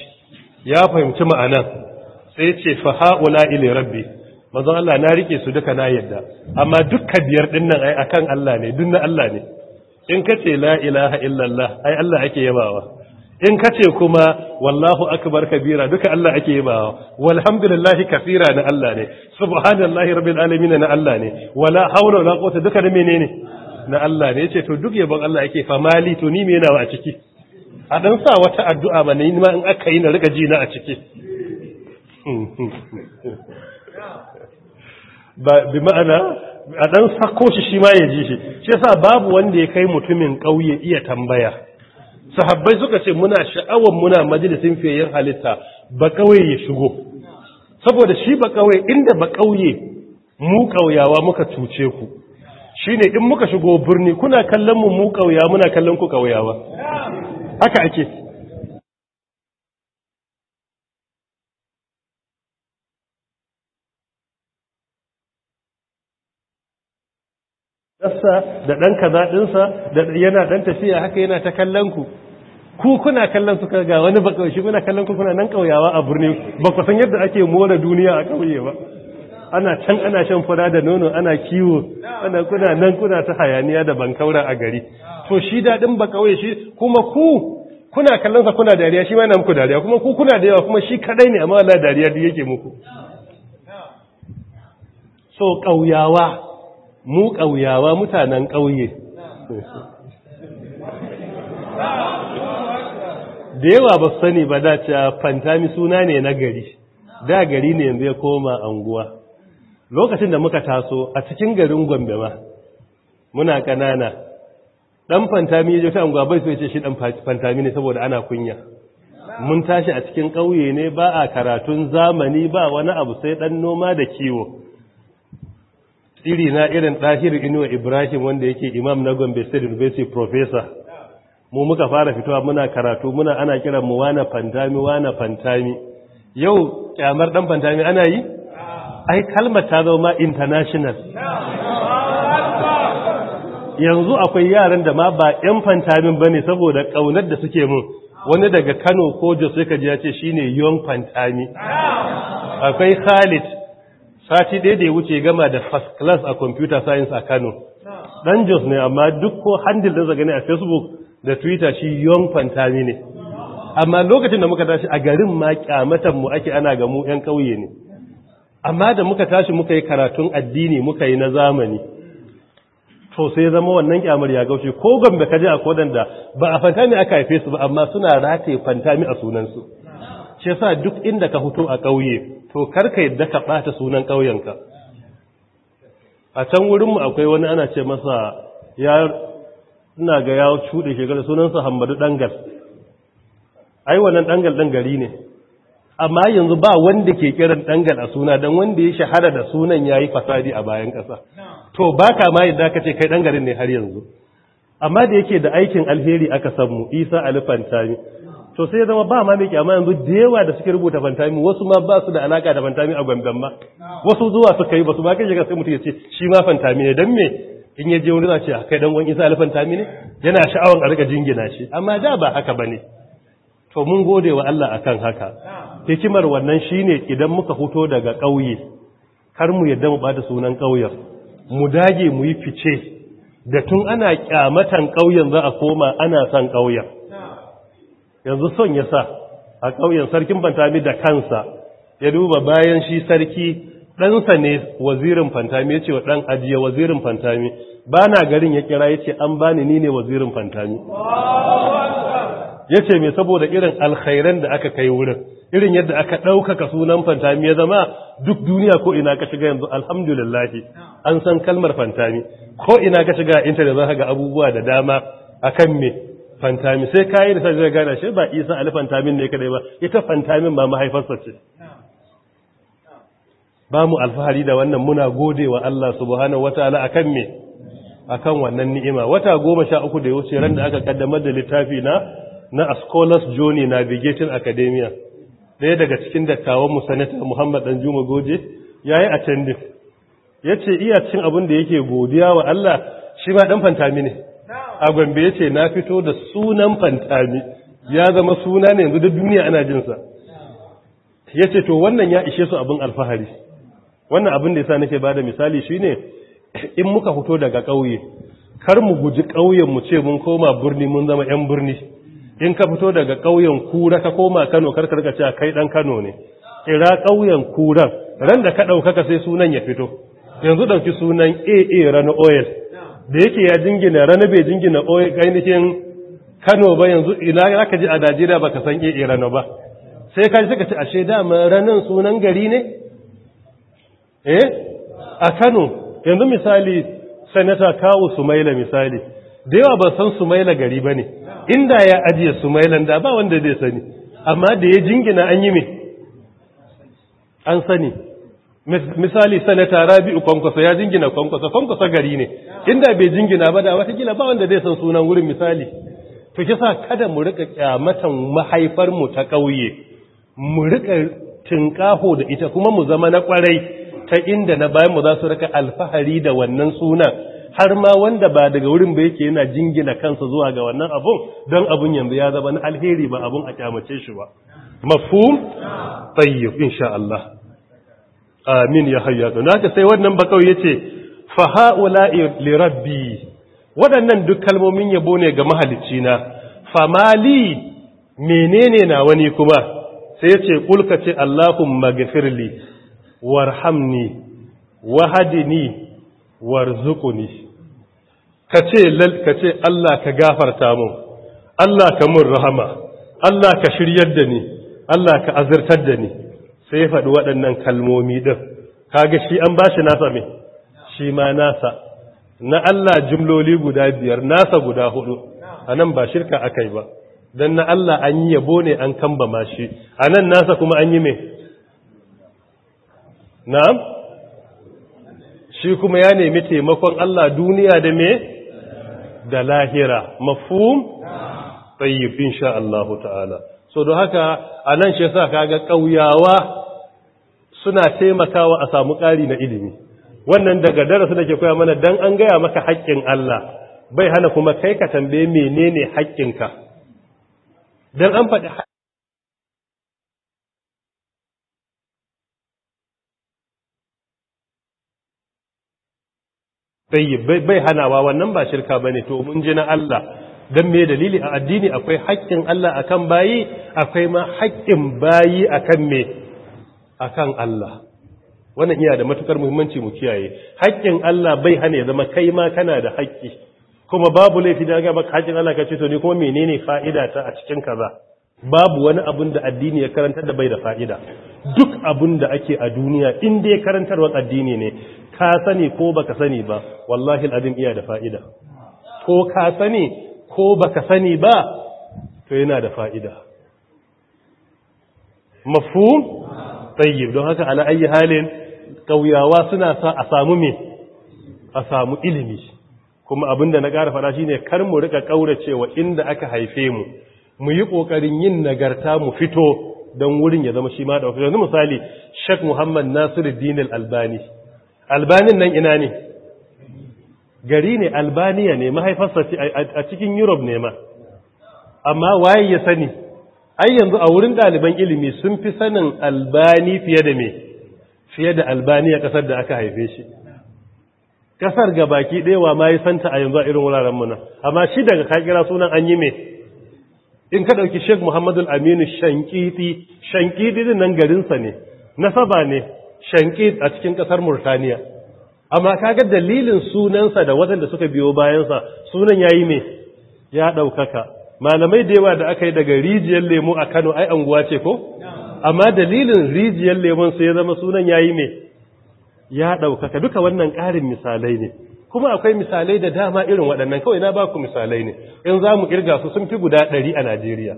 ya fahimci ma'anar sai ce fa haula ila rabbi manzon Allah na rike su duka na yadda amma dukkan biyar din nan ai akan Allah ne dunna Allah ne in kace la ilaha illallah ai Allah ake yabawa in kace kuma wallahu akbar kabira duka Allah ake yabawa walhamdulillahi kafira na Allah ne subhanallahi rabbil alamin na Allah ne wala haula wala quwwata duka da menene na Allah ne yace to duk yabon Allah ake fa mali to ni me yana a ciki a dan sa wata addu'a ba ne ma in aka yi na riga ji na a ciki bi ma'ana a ɗan sako shi shi ma ya ji shi shi yasa babu wanda ya kai mutumin ƙauye iya tambaya sahabbai suka ce muna sha'awar muna majalisin fiyayyen halitta ba ƙauye ya shigo saboda shi ba ƙauye inda ba ƙauye mu ƙauyawa muka cuce ku shi ne in muka shigo birni kuna kallon mu mu ƙauya muna kallon ku ƙauyawa haka ake ɗansa da ɗan kaza ɗinsa da yana ɗan tafiya haka yana ta kallon ku ku kuna kallon su ga wani bakaushi kuna kallon ku kuna nan ƙauyawa a birni ba ku san yadda ake more duniya a ƙauye ba ana can ana shan fura da nono ana kiwo ana kuna nan kuna ta hayaniya da bankaura a gari to shi daɗin ƙauye shi kuma ku kuna kallon sa kuna dariya shi ma na muku dariya kuma ku kuna da yawa kuma shi kadai ne amma Allah dariya duk yake muku so ƙauyawa mu ƙauyawa mutanen ƙauye da yawa ba sani ba dace, fantami suna ne na gari da gari ne yanzu ya koma anguwa lokacin da muka taso a cikin garin gombe ma muna ƙanana ɗan fantami ya ta anguwa bai so ce shi ɗan fantami ne saboda ana kunya mun tashi a cikin ƙauye ne ba a karatun zamani ba wani abu sai ɗan noma da kiwo iri na irin ɗahir inuwa ibrahim wanda yake imam na gombe state university professor mu muka fara fitowa muna karatu muna ana kiranmu mu wana fantami wana fantami yau kyamar ɗan fantami ana yi ai kalmar ta zama international yanzu akwai yaran da ma ba yan ba ne saboda ƙaunar da suke mun wani daga Kano ko Jos sai ka ji ya ce shine young fantami akwai Khalid sati ɗaya da ya wuce gama da first class a computer science a Kano dan Jos ne amma duk ko handle ɗinsa gani a Facebook da Twitter shi yon fantami ne amma lokacin da muka tashi a garin ma kyamatan mu ake ana ga mu 'yan ƙauye ne amma da muka tashi muka yi karatun addini muka yi na zamani to sai zama wannan kyamar ya gaushe ko gambe ka a kodan ba a fantami aka haife su ba amma suna rataye fantami a sunansu shi yasa duk inda ka hutu a ƙauye to karka yadda ka ɓata sunan ƙauyenka a can wurinmu akwai wani ana ce masa ya ina ga ya cuɗe shekara sunansa hamadu ɗangal ai wannan ɗangal ɗan gari ne amma yanzu ba wanda ke kiran ɗangal a suna don wanda ya shahara da sunan ya yi fasadi a bayan ƙasa to ba ka ma yadda ka ce kai ɗangarin ne har yanzu amma da yake da aikin alheri aka san mu, isa ne to sai ya zama ba ma mai kyama yanzu da yawa da suke rubuta fantami wasu ma ba su da alaka da fantami a gwamdan ma wasu zuwa suka yi ba su ba kai shiga sai mutum ya ce shi ma fantami ne dan me in ya je wani za ce ah, kai dan wani isa alfan fantami ne yana sha'awar a rika jingina shi amma da ba haka ne? to mun gode wa Allah akan haka hikimar wannan shine idan muka huto daga ƙauye kar mu yadda mu bada sunan ƙauyen mu dage mu yi fice da tun ana kyamatan ƙauyen za a koma ana son ƙauyen yanzu son ya sa a ƙauyen sarkin fantami da kansa ya duba bayan shi sarki ɗansa ne wazirin fantami ya ce wa ɗan ajiye wazirin fantami ba na garin ya kira ya ce an bani ni ne wazirin fantami ya ce mai saboda irin alkhairan da aka kai wurin irin yadda aka ɗaukaka sunan fantami ya zama duk duniya ko ina ka shiga yanzu alhamdulillah, an san kalmar fantami ko ina ka shiga intanet za ka abubuwa da dama akan me Fantamin sai kayi da sai gane shi ba isa ali fantamin ne kadai ba ita fantamin ba mahaifarsa ce ba mu alfahari da wannan muna gode wa Allah subhanahu wataala akan me akan wannan ni'ima wata goma sha uku da ya ran da aka kaddamar da littafi na na a scholars journey navigating academia daya daga cikin dattawan mu sanata Muhammad dan Juma Goje yayi attending yace iya cin abin da yake godiya wa Allah shi ba dan fantami ne a gombe ya ce na fito da sunan fantami ya zama suna ne yanzu da duniya ana jinsa ya ce to wannan ya ishe su abin alfahari wannan abin da yasa nake ba da misali shine in muka fito daga ƙauye kar mu guji ƙauyen mu ce mun koma birni mun zama 'yan birni in ka fito daga ƙauyen kura ka koma kano karkar ka ce kai ɗan kano ne ira ƙauyen kuran ran da ka ɗaukaka sai sunan ya fito yanzu ɗauki sunan aa rana oil da yake ya jingina rana bai jingina ainihin kano ba yanzu ina za kaji a najeriya ba ka san iya rana ba sai ka suka ci ashe dama ranar sunan gari ne eh a kano yanzu misali sanata kawo sumaila misali da yawa ba san sumaila gari ba ne inda ya ajiye sumailan da ba wanda zai sani amma da ya jingina an yi mai an sani misali sanata rabi'u kwankwasa ya jingina kwankwasa kwankwasa gari ne inda bai jingina ba da watakila ba wanda zai san sunan wurin misali to kisa kada mu rika kyamatan mahaifar mu ta kauye mu rika tinkaho da ita kuma mu zama na kwarai ta inda na bayan mu za su rika alfahari da wannan sunan har ma wanda ba daga wurin ba yake yana jingina kansa zuwa ga wannan abun don abun yanzu ya zama na alheri ba abun a kyamace shi ba mafhum tayyib insha Allah amin ya hayyatu na ka sai wannan bakau ya ce fa ha'ula'i li rabbi waɗannan duk kalmomin yabo ne ga mahalicci na fa mali menene na wani kuma sai ya ce kulka ce allahumma gafirli warhamni wahdini warzuqni ce lal ce Allah ka gafarta mun Allah ka mun rahama Allah ka shiryar da ni Allah ka azurtar da ni sai ya faɗi waɗannan kalmomi ɗin kaga shi an ba shi nasa mai shi ma nasa na Allah jimloli guda biyar nasa guda hudu a nan ba shirka aka yi ba don na Allah an yi yabo ne an kamba ma shi a nan nasa kuma an yi mai na'am shi kuma ya nemi taimakon Allah duniya da me da lahira mafhum tayyib sha Allah ta'ala so don haka a nan shi sa kaga ƙauyawa? suna taimakawa a samu ƙari na ilimi wannan daga darasin da ke koya mana dan an gaya maka haƙƙin Allah bai hana kuma kai ka tambaye menene haƙƙinka dan an faɗi bai hanawa wannan ba shirka ne to mun ji na Allah dan me dalili a addini akwai haƙƙin Allah akan bayi akwai ma haƙƙin bayi akan me akan Allah wannan iya da matukar muhimmanci mu kiyaye haƙƙin Allah bai hana ya zama kai ma kana da haƙƙi kuma babu laifi da ga baka haƙƙin Allah ka ce to ni kuma menene fa'ida ta a cikin kaza babu wani abun da addini ya karantar da bai da fa'ida duk abun da ake a duniya in dai karantarwar addini ne ka sani ko baka sani ba wallahi alazim iya da fa'ida ko ka sani ko baka sani ba to yana da fa'ida mafhum tayyib don haka ala ayi halin kauyawa suna sa a samu me a samu ilimi kuma abinda na ƙara faɗa shine kar mu rika kauracewa inda aka haife mu mu yi ƙoƙarin yin nagarta mu fito don wurin ya zama shi ma da wakil misali Sheikh Muhammad Nasiruddin Al-Albani Albanin nan ina ne gari ne Albaniya ne mahaifarsa a cikin Europe ne ma amma waye ya sani ai yanzu a wurin ɗaliban ilimi sun fi sanin albani fiye da me fiye da albani a ƙasar da aka haife shi ƙasar ga baki ɗewa ma yi santa a yanzu a irin wuraren muna amma shi daga kakira sunan an yi me in ka ɗauki sheik muhammadu aminu shankiti shankiti din nan garinsa ne nasaba ne shankit a cikin ƙasar murtaniya amma kaga dalilin sunansa da waɗanda suka biyo bayansa sunan ya yi me ya ɗaukaka malamai da yawa da aka yi daga rijiyar lemu a Kano ai unguwa ce ko amma dalilin rijiyar lemun sai ya zama sunan yayi me ya ɗaukaka duka wannan ƙarin misalai ne kuma akwai misalai da dama irin waɗannan kawai na baku misalai ne in za mu ƙirga su sun fi guda ɗari a Najeriya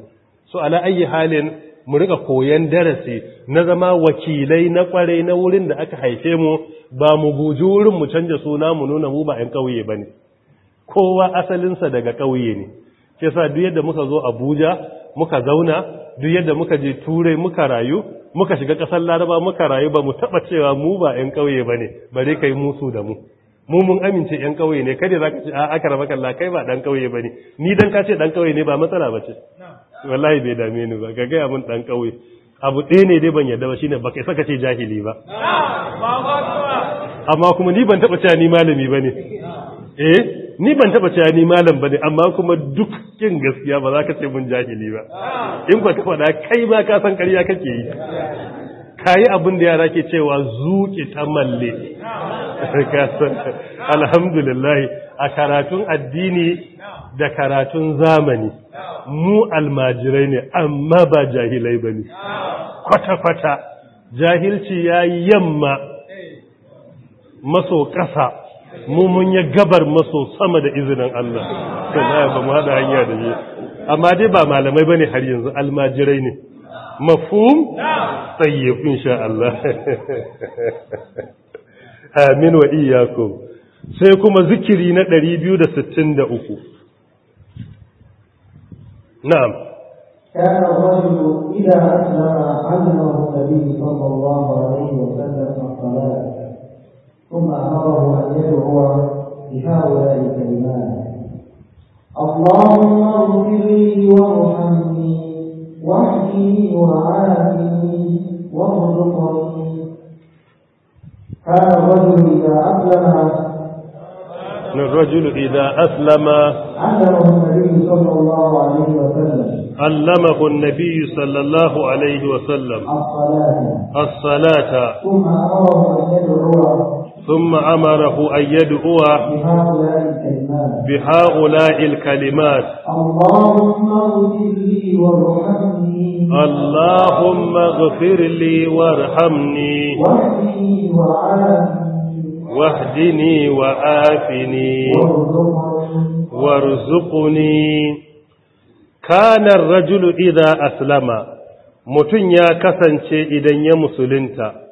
Su ala ayi halin mu rika koyan darasi na zama wakilai na kwarai na wurin da aka haife mu ba mu guji wurin mu canja suna mu nuna mu ba 'yan ƙauye ba ne kowa asalinsa daga ƙauye ne Ke sa duk yadda muka zo Abuja muka zauna duk yadda muka je Turai muka rayu muka shiga ƙasar Laraba muka rayu ba mu taba cewa mu ba yan ƙauye ne bare kai musu da mu mu mun amince yan ƙauye ne kada ka ce a aka raba kalla kai ba ɗan ƙauye ne ni dan ka ce ɗan ƙauye ne ba matsala ba ce wallahi bai dame ni ba ga gaya mun ɗan ƙauye abu ɗaya ne dai ban yarda ba shine baka saka ce jahili ba amma kuma ni ban taba cewa ni malami bane eh ni ban taba cewa ni malam bane amma kuma duk kin gaskiya ba za ka ce mun jahili ba in ka faɗa kai ba ka san ƙarya kake yi kayi abin da yara ke cewa zuƙi ta malle Ka san alhamdulillah a karatun addini da karatun zamani mu almajirai ne amma ba jahilai bane kwata-kwata jahilci yayi yamma maso ƙasa mu mun ya gabar maso sama da izinin Allah sai ba mu hada hanya da shi amma dai ba malamai bane har yanzu almajirai ne mafhum tayyib insha Allah (laughs) amin wa iyyakum sai kuma zikiri na 263 na'am كان الرجل إذا أسلم علمه النبي صلى الله عليه وسلم الصلاة ثم أمره أن يدعو بهؤلاء الكلمات اللهم اغفر لي وارحمني واهدني وعافني وارزقني كان الرجل إذا أسلم الرجل إذا أسلم علمه النبي صلى الله عليه وسلم علمه النبي صلى الله عليه وسلم الصلاة الصلاة ثم أمره أن يدعو ثم أمره أن يدعو بهؤلاء الكلمات اللهم اغفر لي وارحمني واهدني وآفني وارزقني كان الرجل إذا أسلم متن يا كسنشي إذن يا مسلمتا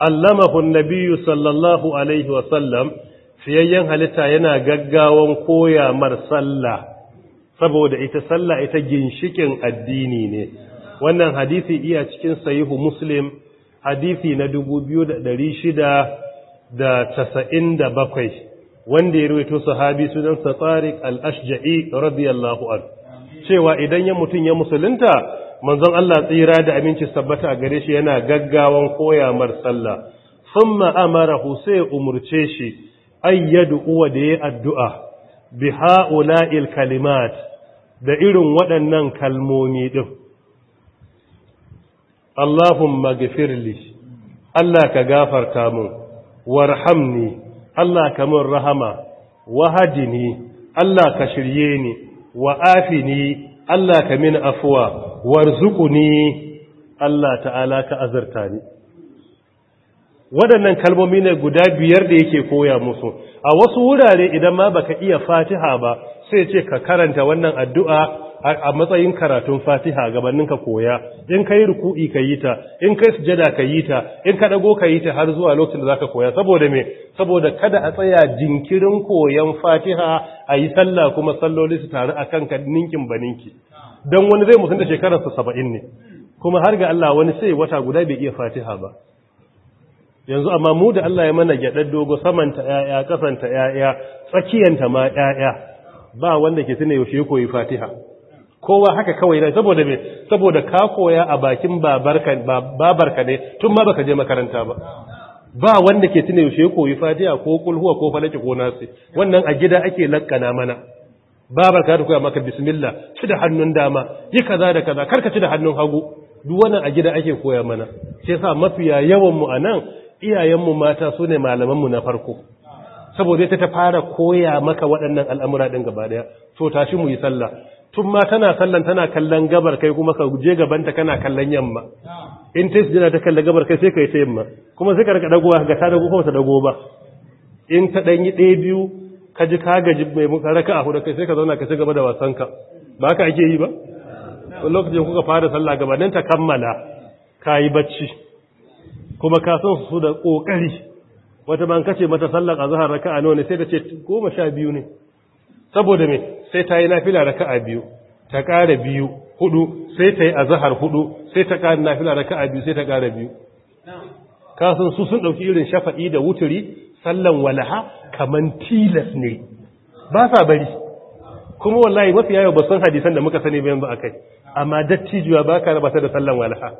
allamahu annabiyyu sallallahu alaihi wa sallam fiyayyen halitta yana gaggawan koya mar sallah saboda ita sallah ita ginshikin addini ne wannan hadisi iya cikin sahihu muslim hadisi na 2697 wanda ya ruwaito sahabi sunansa Tariq al-Ashja'i radiyallahu anhu cewa idan ya mutun ya musulunta manzon Allah tsira da aminci sabbata a gare shi yana gaggawan koya mar sallah thumma amarahu sai umurce shi ayyadu uwa da yi addu'a bi haula'il kalimat da irin waɗannan kalmomi din Allahumma gfirli Allah ka gafarta mun warhamni Allah ka mun rahama wahadini Allah ka shirye ni afini Allah ka min afuwa warzuquni Allah ta'ala ka azarta ni waɗannan kalmomi ne guda biyar da yake koya musu a wasu wurare idan ma baka iya fatiha ba sai ce ka karanta wannan addu'a a matsayin karatun fatiha gabanin ka koya in kai ruku'i ka yi ta in kai sujada ka yi ta in ka dago ka yi ta har zuwa lokacin da zaka koya saboda me saboda kada a tsaya jinkirin koyan fatiha a yi sallah kuma salloli su taru akan ka ninkin baninki don wani zai mutunta shekararsa saba'in ne kuma har ga Allah wani sai wata guda bai iya fatiha ba yanzu amma mu da Allah ya mana gyaɗar dogo samanta ‘ya'ya ƙasanta ‘ya'ya tsakiyanta ma ‘ya'ya ba wanda ke tuna yaushe koyi fatiha kowa haka kawai na saboda me saboda ka koya a bakin babarka ne tun ma baka je makaranta ba ba wanda ke tuna yaushe koyi fatiha ko kulhuwa ko falaki ko nasi wannan a gida ake lakkana mana babar ka da koya maka bismillah ci da hannun dama yi kaza da kaza karka ci da hannun hagu duk wannan a gida ake koya mana sai sa mafiya yawan mu anan iyayen mata sune malaman mu na farko saboda ita ta fara koya maka waɗannan al'amura din gaba daya to tashi mu yi sallah tun ma tana sallan tana kallon gabar kai kuma ka je gabanta kana kallon yamma in ta sujjada ta kallon gabar kai sai kai ta yamma kuma sai ka rika dagowa ga ta dago kuma ta dago in ta dan yi ɗaya biyu ka ji ka gaji mai raka a hudu kai sai ka zauna ka ci gaba da wasanka ba ka ake yi ba wani lokacin kuka fara sallah nan ta kammala ka yi bacci kuma ka san su da ƙoƙari wata ban kace mata sallah a zahar raka a nawa ne sai ta ce goma sha biyu ne saboda me sai ta yi nafila raka a biyu ta ƙara biyu hudu sai ta yi a hudu sai ta ƙara nafila raka a biyu sai ta ƙara biyu ka san su sun ɗauki irin shafa'i da wuturi sallan walaha kaman tilas ne ba sa bari kuma wallahi mafi yawa ba san hadisan da muka sani ba yanzu akai amma dattijuwa ba ka rabata da sallan walaha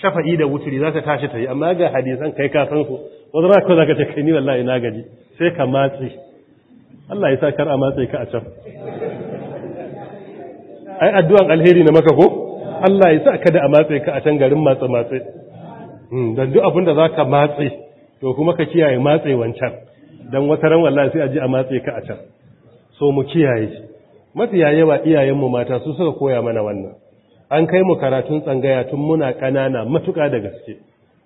shafa'i da wuturi za ta tashi ta yi amma ga hadisan kai ka san su za ka za ka ce kai ni wallahi na gaji sai ka matsi Allah ya sa kar a matse ka a can ai addu'an alheri na maka ko Allah ya sa kada da a matse ka a can garin matse matse hmm, dan duk abin da za ka matse to kuma ka kiyaye matse wancan don wata ran wallahi sai a ji a matse ka a can so mu kiyaye mafi yawa iyayenmu mata su suka koya mana wannan an kai mu karatun tsangaya tun muna kanana matuƙa da gaske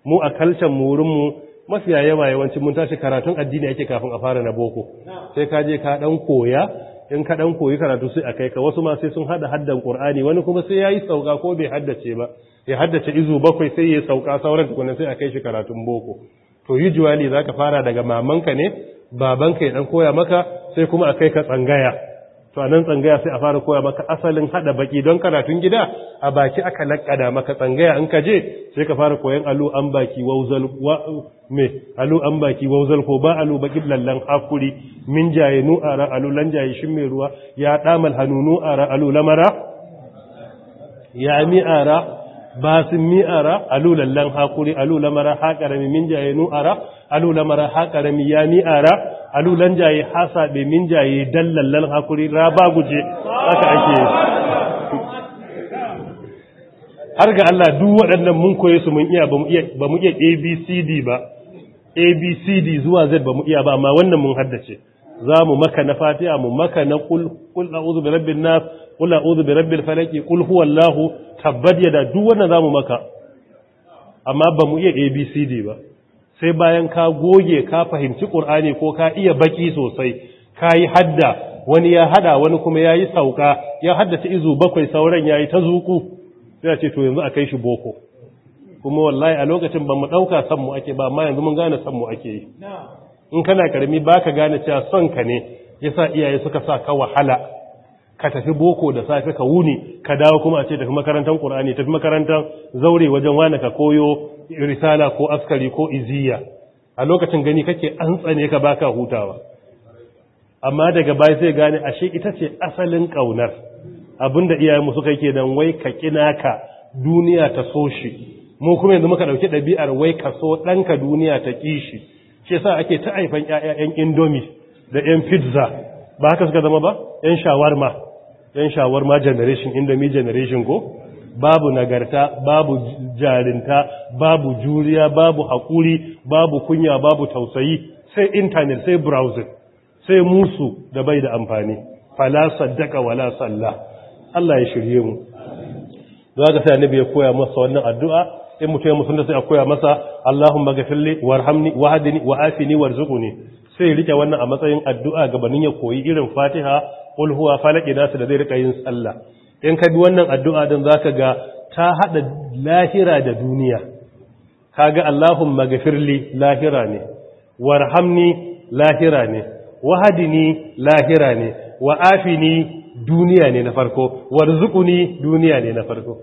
mu a kalshen mu wurin mu mafi yawa yawancin mun tashi karatun addini ake kafin a fara na boko sai ka je ka dan koya in ka dan koyi karatu sai a kai ka wasu ma sai sun hada haddan Qur'ani wani kuma sai yayi sauka ko bai haddace ba ya haddace izu bakwai sai ya sauka sauran tukunan sai a kai shi karatun boko to yi juwali za ka fara daga mamanka ne babanka ya ɗan koya maka sai kuma a kai ka tsangaya to a tsangaya sai a fara koya maka asalin haɗa baki don karatun gida a baki aka lakkada maka tsangaya in ka je sai ka fara koyan alu an baki wauzal Wa me alu an baki wauzal ko ba alu baki lallan hakuri min jaye ara alu lan jaye shin mai ruwa ya damal hanunu ara alu lamara ya mi ara basin mi'ara alulallan lula alulamara haƙarami min jaye nu'ara alulamara haƙarami ya a alulan jaye hasaɓe min jaye dallallan haƙuri raba guje haka ake har ga Allah duk waɗannan mun koye su mun iya ba mu iya abcd ba abcd zuwa z ba mu iya ba amma wannan mun haddace za mu maka na fatiha mu maka na kul uzu bi rabbin nas Kula uzu bi rabbil kul huwa allah tabbad yada duk wannan zamu maka amma ba mu iya abcd ba sai bayan ka goge ka fahimci qur'ani ko ka iya baki sosai kai hadda wani ya hada wani kuma yayi sauka ya haddace izu bakwai sauran yayi ta zuku sai ce to yanzu akai shi boko kuma wallahi a lokacin ba mu dauka san mu ake ba amma yanzu mun gane san mu ake yi in kana karmi baka gane cewa son ka ne yasa iyaye suka sa ka wahala ka tafi boko da safe ka wuni ka dawo kuma a ce tafi makarantar qur'ani tafi makarantar zaure wajen wani ka koyo risala ko askari ko iziya a lokacin gani kake an tsane ka baka hutawa amma daga baya sai gane ashe ita ce asalin ƙaunar abinda iyayenmu suka yake dan wai ka kina ka duniya ta so shi mu kuma yanzu muka dauki ɗabi'ar wai ka so ɗanka duniya ta ƙi shi yasa ake ta aifan ƴaƴan indomi da ƴan pizza ba haka suka zama ba ƴan shawarma yan shawarma generation mi generation ko babu nagarta babu jarinta babu juriya babu hakuri babu kunya babu tausayi sai intanet sai browsing sai musu da bai da amfani fala saddaka wala salla Allah ya shirye mu za ka sai annabi ya koya masa wannan addu'a in mutum ya musulunta sai a koya masa Allahumma ghafirli warhamni wahdini wa'afini warzuqni sai rike wannan a matsayin addu'a gabanin ya koyi irin Fatiha qul huwa falaki nasu da zai rika yin sallah in ka bi wannan addu'a din zaka ga ta hada lahira da duniya kaga allahumma ghafirli lahira ne warhamni lahira ne wahadini lahira ne wa'afini duniya ne na farko warzuquni duniya ne na farko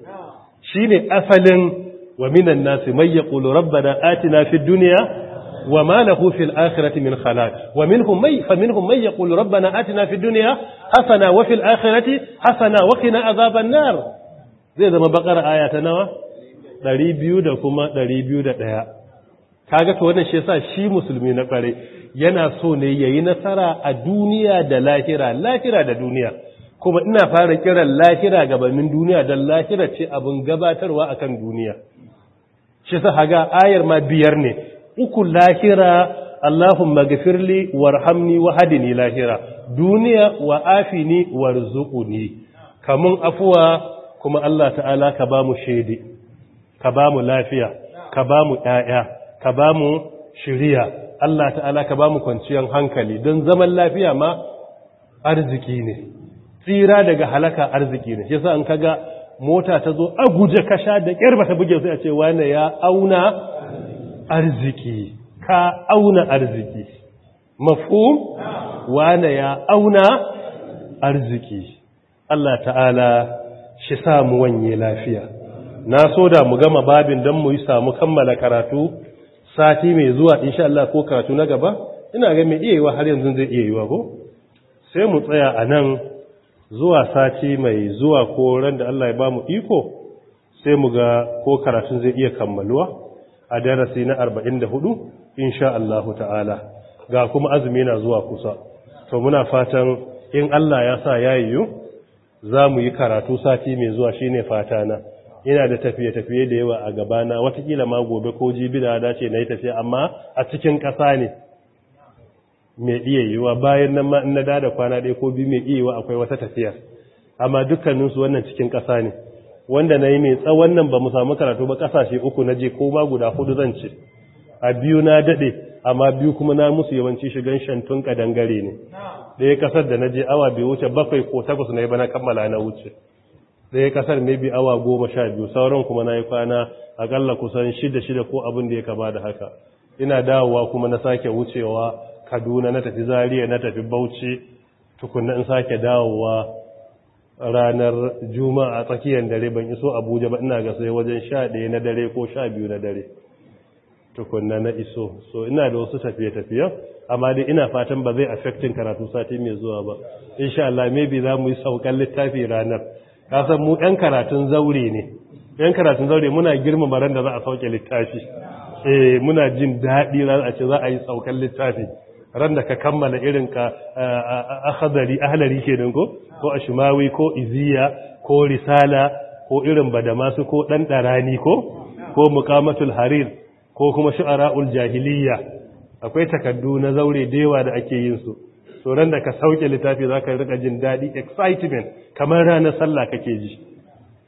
shine asalin wa minan nasi may yaqulu rabbana atina fid dunya وما له في الآخرة من خلاق ومنهم من فمنهم من يقول ربنا آتنا في الدنيا حسنة وفي الآخرة حسنة وقنا عذاب النار zai zama bakar آياتنا nawa 200 da kuma 201 kaga to wannan shi yasa shi musulmi na kare yana so ne yayi nasara a duniya da lahira lahira da duniya kuma ina fara kiran lahira gabanin duniya dan lahira ce abun gabatarwa akan duniya shi sa haga ayar ma biyar ne uku lahira Allahumma gafirli warhamni wahadini lahira duniya wa afini warzuquni kamun afuwa kuma Allah ta'ala ka bamu shaidi ka bamu lafiya ka bamu ƴaƴa ka bamu shiriya Allah ta'ala ka bamu kwanciyar hankali don zaman lafiya ma arziki ne tsira daga halaka arziki ne yasa an kaga mota ta zo a guje kasha da kyar ta buge sai a ce wane ya auna arziki ka auna arziki mafu wane ya auna arziki Allah ta'ala shi samu wanye lafiya na so da mu gama babin don mu yi samu kammala karatu sati mai zuwa insha Allah ko karatu na gaba ina ga mai iya har yanzu zai iya yiwa ko sai mu tsaya a nan zuwa sati mai zuwa ko ran da Allah ya ba mu iko sai mu ga ko karatun zai iya kammaluwa a darasi na arba'in 44 insha Allah ta'ala ga kuma azumi na zuwa kusa to muna fatan in Allah ya sa yayiyu za mu yi karatu sati mai zuwa shine fata na ina da tafiye-tafiye da yawa a gabana watakila ma gobe ko jibi da dace na yi tafiya amma a cikin ƙasa ne mai iya yiwa bayan nan ma na da kwana ɗaya ko biyu mai iya yiwa akwai wata tafiyar amma dukkaninsu wannan cikin ƙasa ne wanda na yi mai tsawon nan ba mu samu karatu ba kasashe uku na je ko ba guda hudu zan ce a biyu na daɗe amma biyu kuma na musu yawanci shigan shantun kadangare ne ɗaya kasar da na je awa biyu wuce bakwai ko takwas na yi ba na kammala na wuce ɗaya kasar ne bi awa goma sha biyu sauran kuma na yi kwana akalla kusan shida shida ko abin da ya kama da haka ina dawowa kuma na sake wucewa kaduna na tafi zariya na tafi bauchi tukunna sake dawowa ranar juma'a tsakiyar dare ban iso abuja ba ina ga sai wajen sha ɗaya na dare ko sha biyu na dare tukunna na iso so ina da wasu tafiye-tafiye amma dai ina fatan ba zai affectin karatu sati mai zuwa ba insha Allah maybe za mu yi saukan littafi ranar ka san mu ɗan karatun zaure ne ɗan karatun zaure muna girmama ran da za a sauke littafi eh muna jin daɗi ran a ce za a yi saukan littafi ran da ka kammala irin ka hadari ahlari kenan ko ko Ashimawi, ko iziya ko risala ko irin badamasu ko ɗan ɗarani ko ko mukamatul harir ko kuma shu'ara'ul jahiliya akwai takaddu na zaure dewa da ake yin su tsoron da ka sauke littafi za ka rika jin daɗi excitement kamar ranar sallah kake ji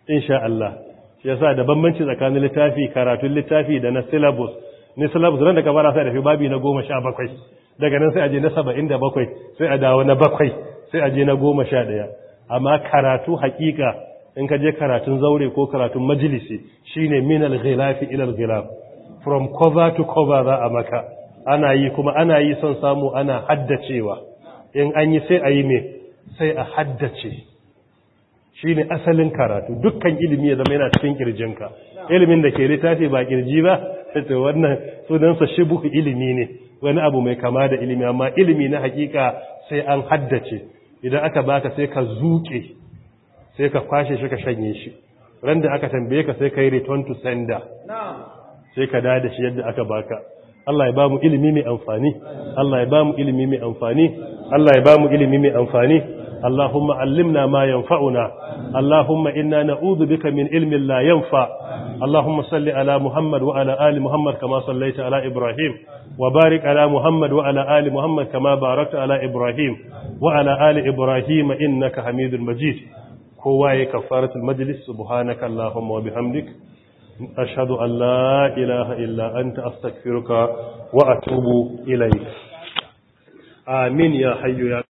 insha Allah shi yasa da bambanci tsakanin littafi karatun littafi da na syllabus ni syllabus ran da ka fara sai da fi babi na 17 daga nan sai a je na saba'in 77 sai a dawo na bakwai sai a je na goma sha ɗaya amma karatu haƙiƙa in ka je karatun zaure ko karatun majalisi shine minal ghilafi ilal ghilaf from cover to cover za a maka ana yi kuma ana yi son samu ana haddacewa in an yi sai a yi me sai a haddace shi ne asalin karatu dukkan ilimi ya zama yana cikin kirjinka ilimin da ke littafi ba kirji ba ta wannan sunansa shibuku ilimi ne wani abu mai kama da ilimi amma ilimi na hakika sai an haddace idan aka baka sai ka zuke sai ka kwashe shi ka shanye shi ran da aka tambaye ka sai ka yi return to sender sai ka dada shi yadda aka baka Allah ya ba mu ilimi mai amfani Allah ya ba mu ilimi mai amfani Allah ya ba mu ilimi mai amfani اللهم علمنا ما ينفعنا اللهم إنا نعوذ بك من علم لا ينفع اللهم صل على محمد وعلى آل محمد كما صليت على إبراهيم وبارك على محمد وعلى آل محمد كما باركت على إبراهيم وعلى آل إبراهيم إنك حميد مجيد كواي كفارة المجلس سبحانك اللهم وبحمدك أشهد أن لا إله إلا أنت أستغفرك وأتوب إليك آمين يا حي يا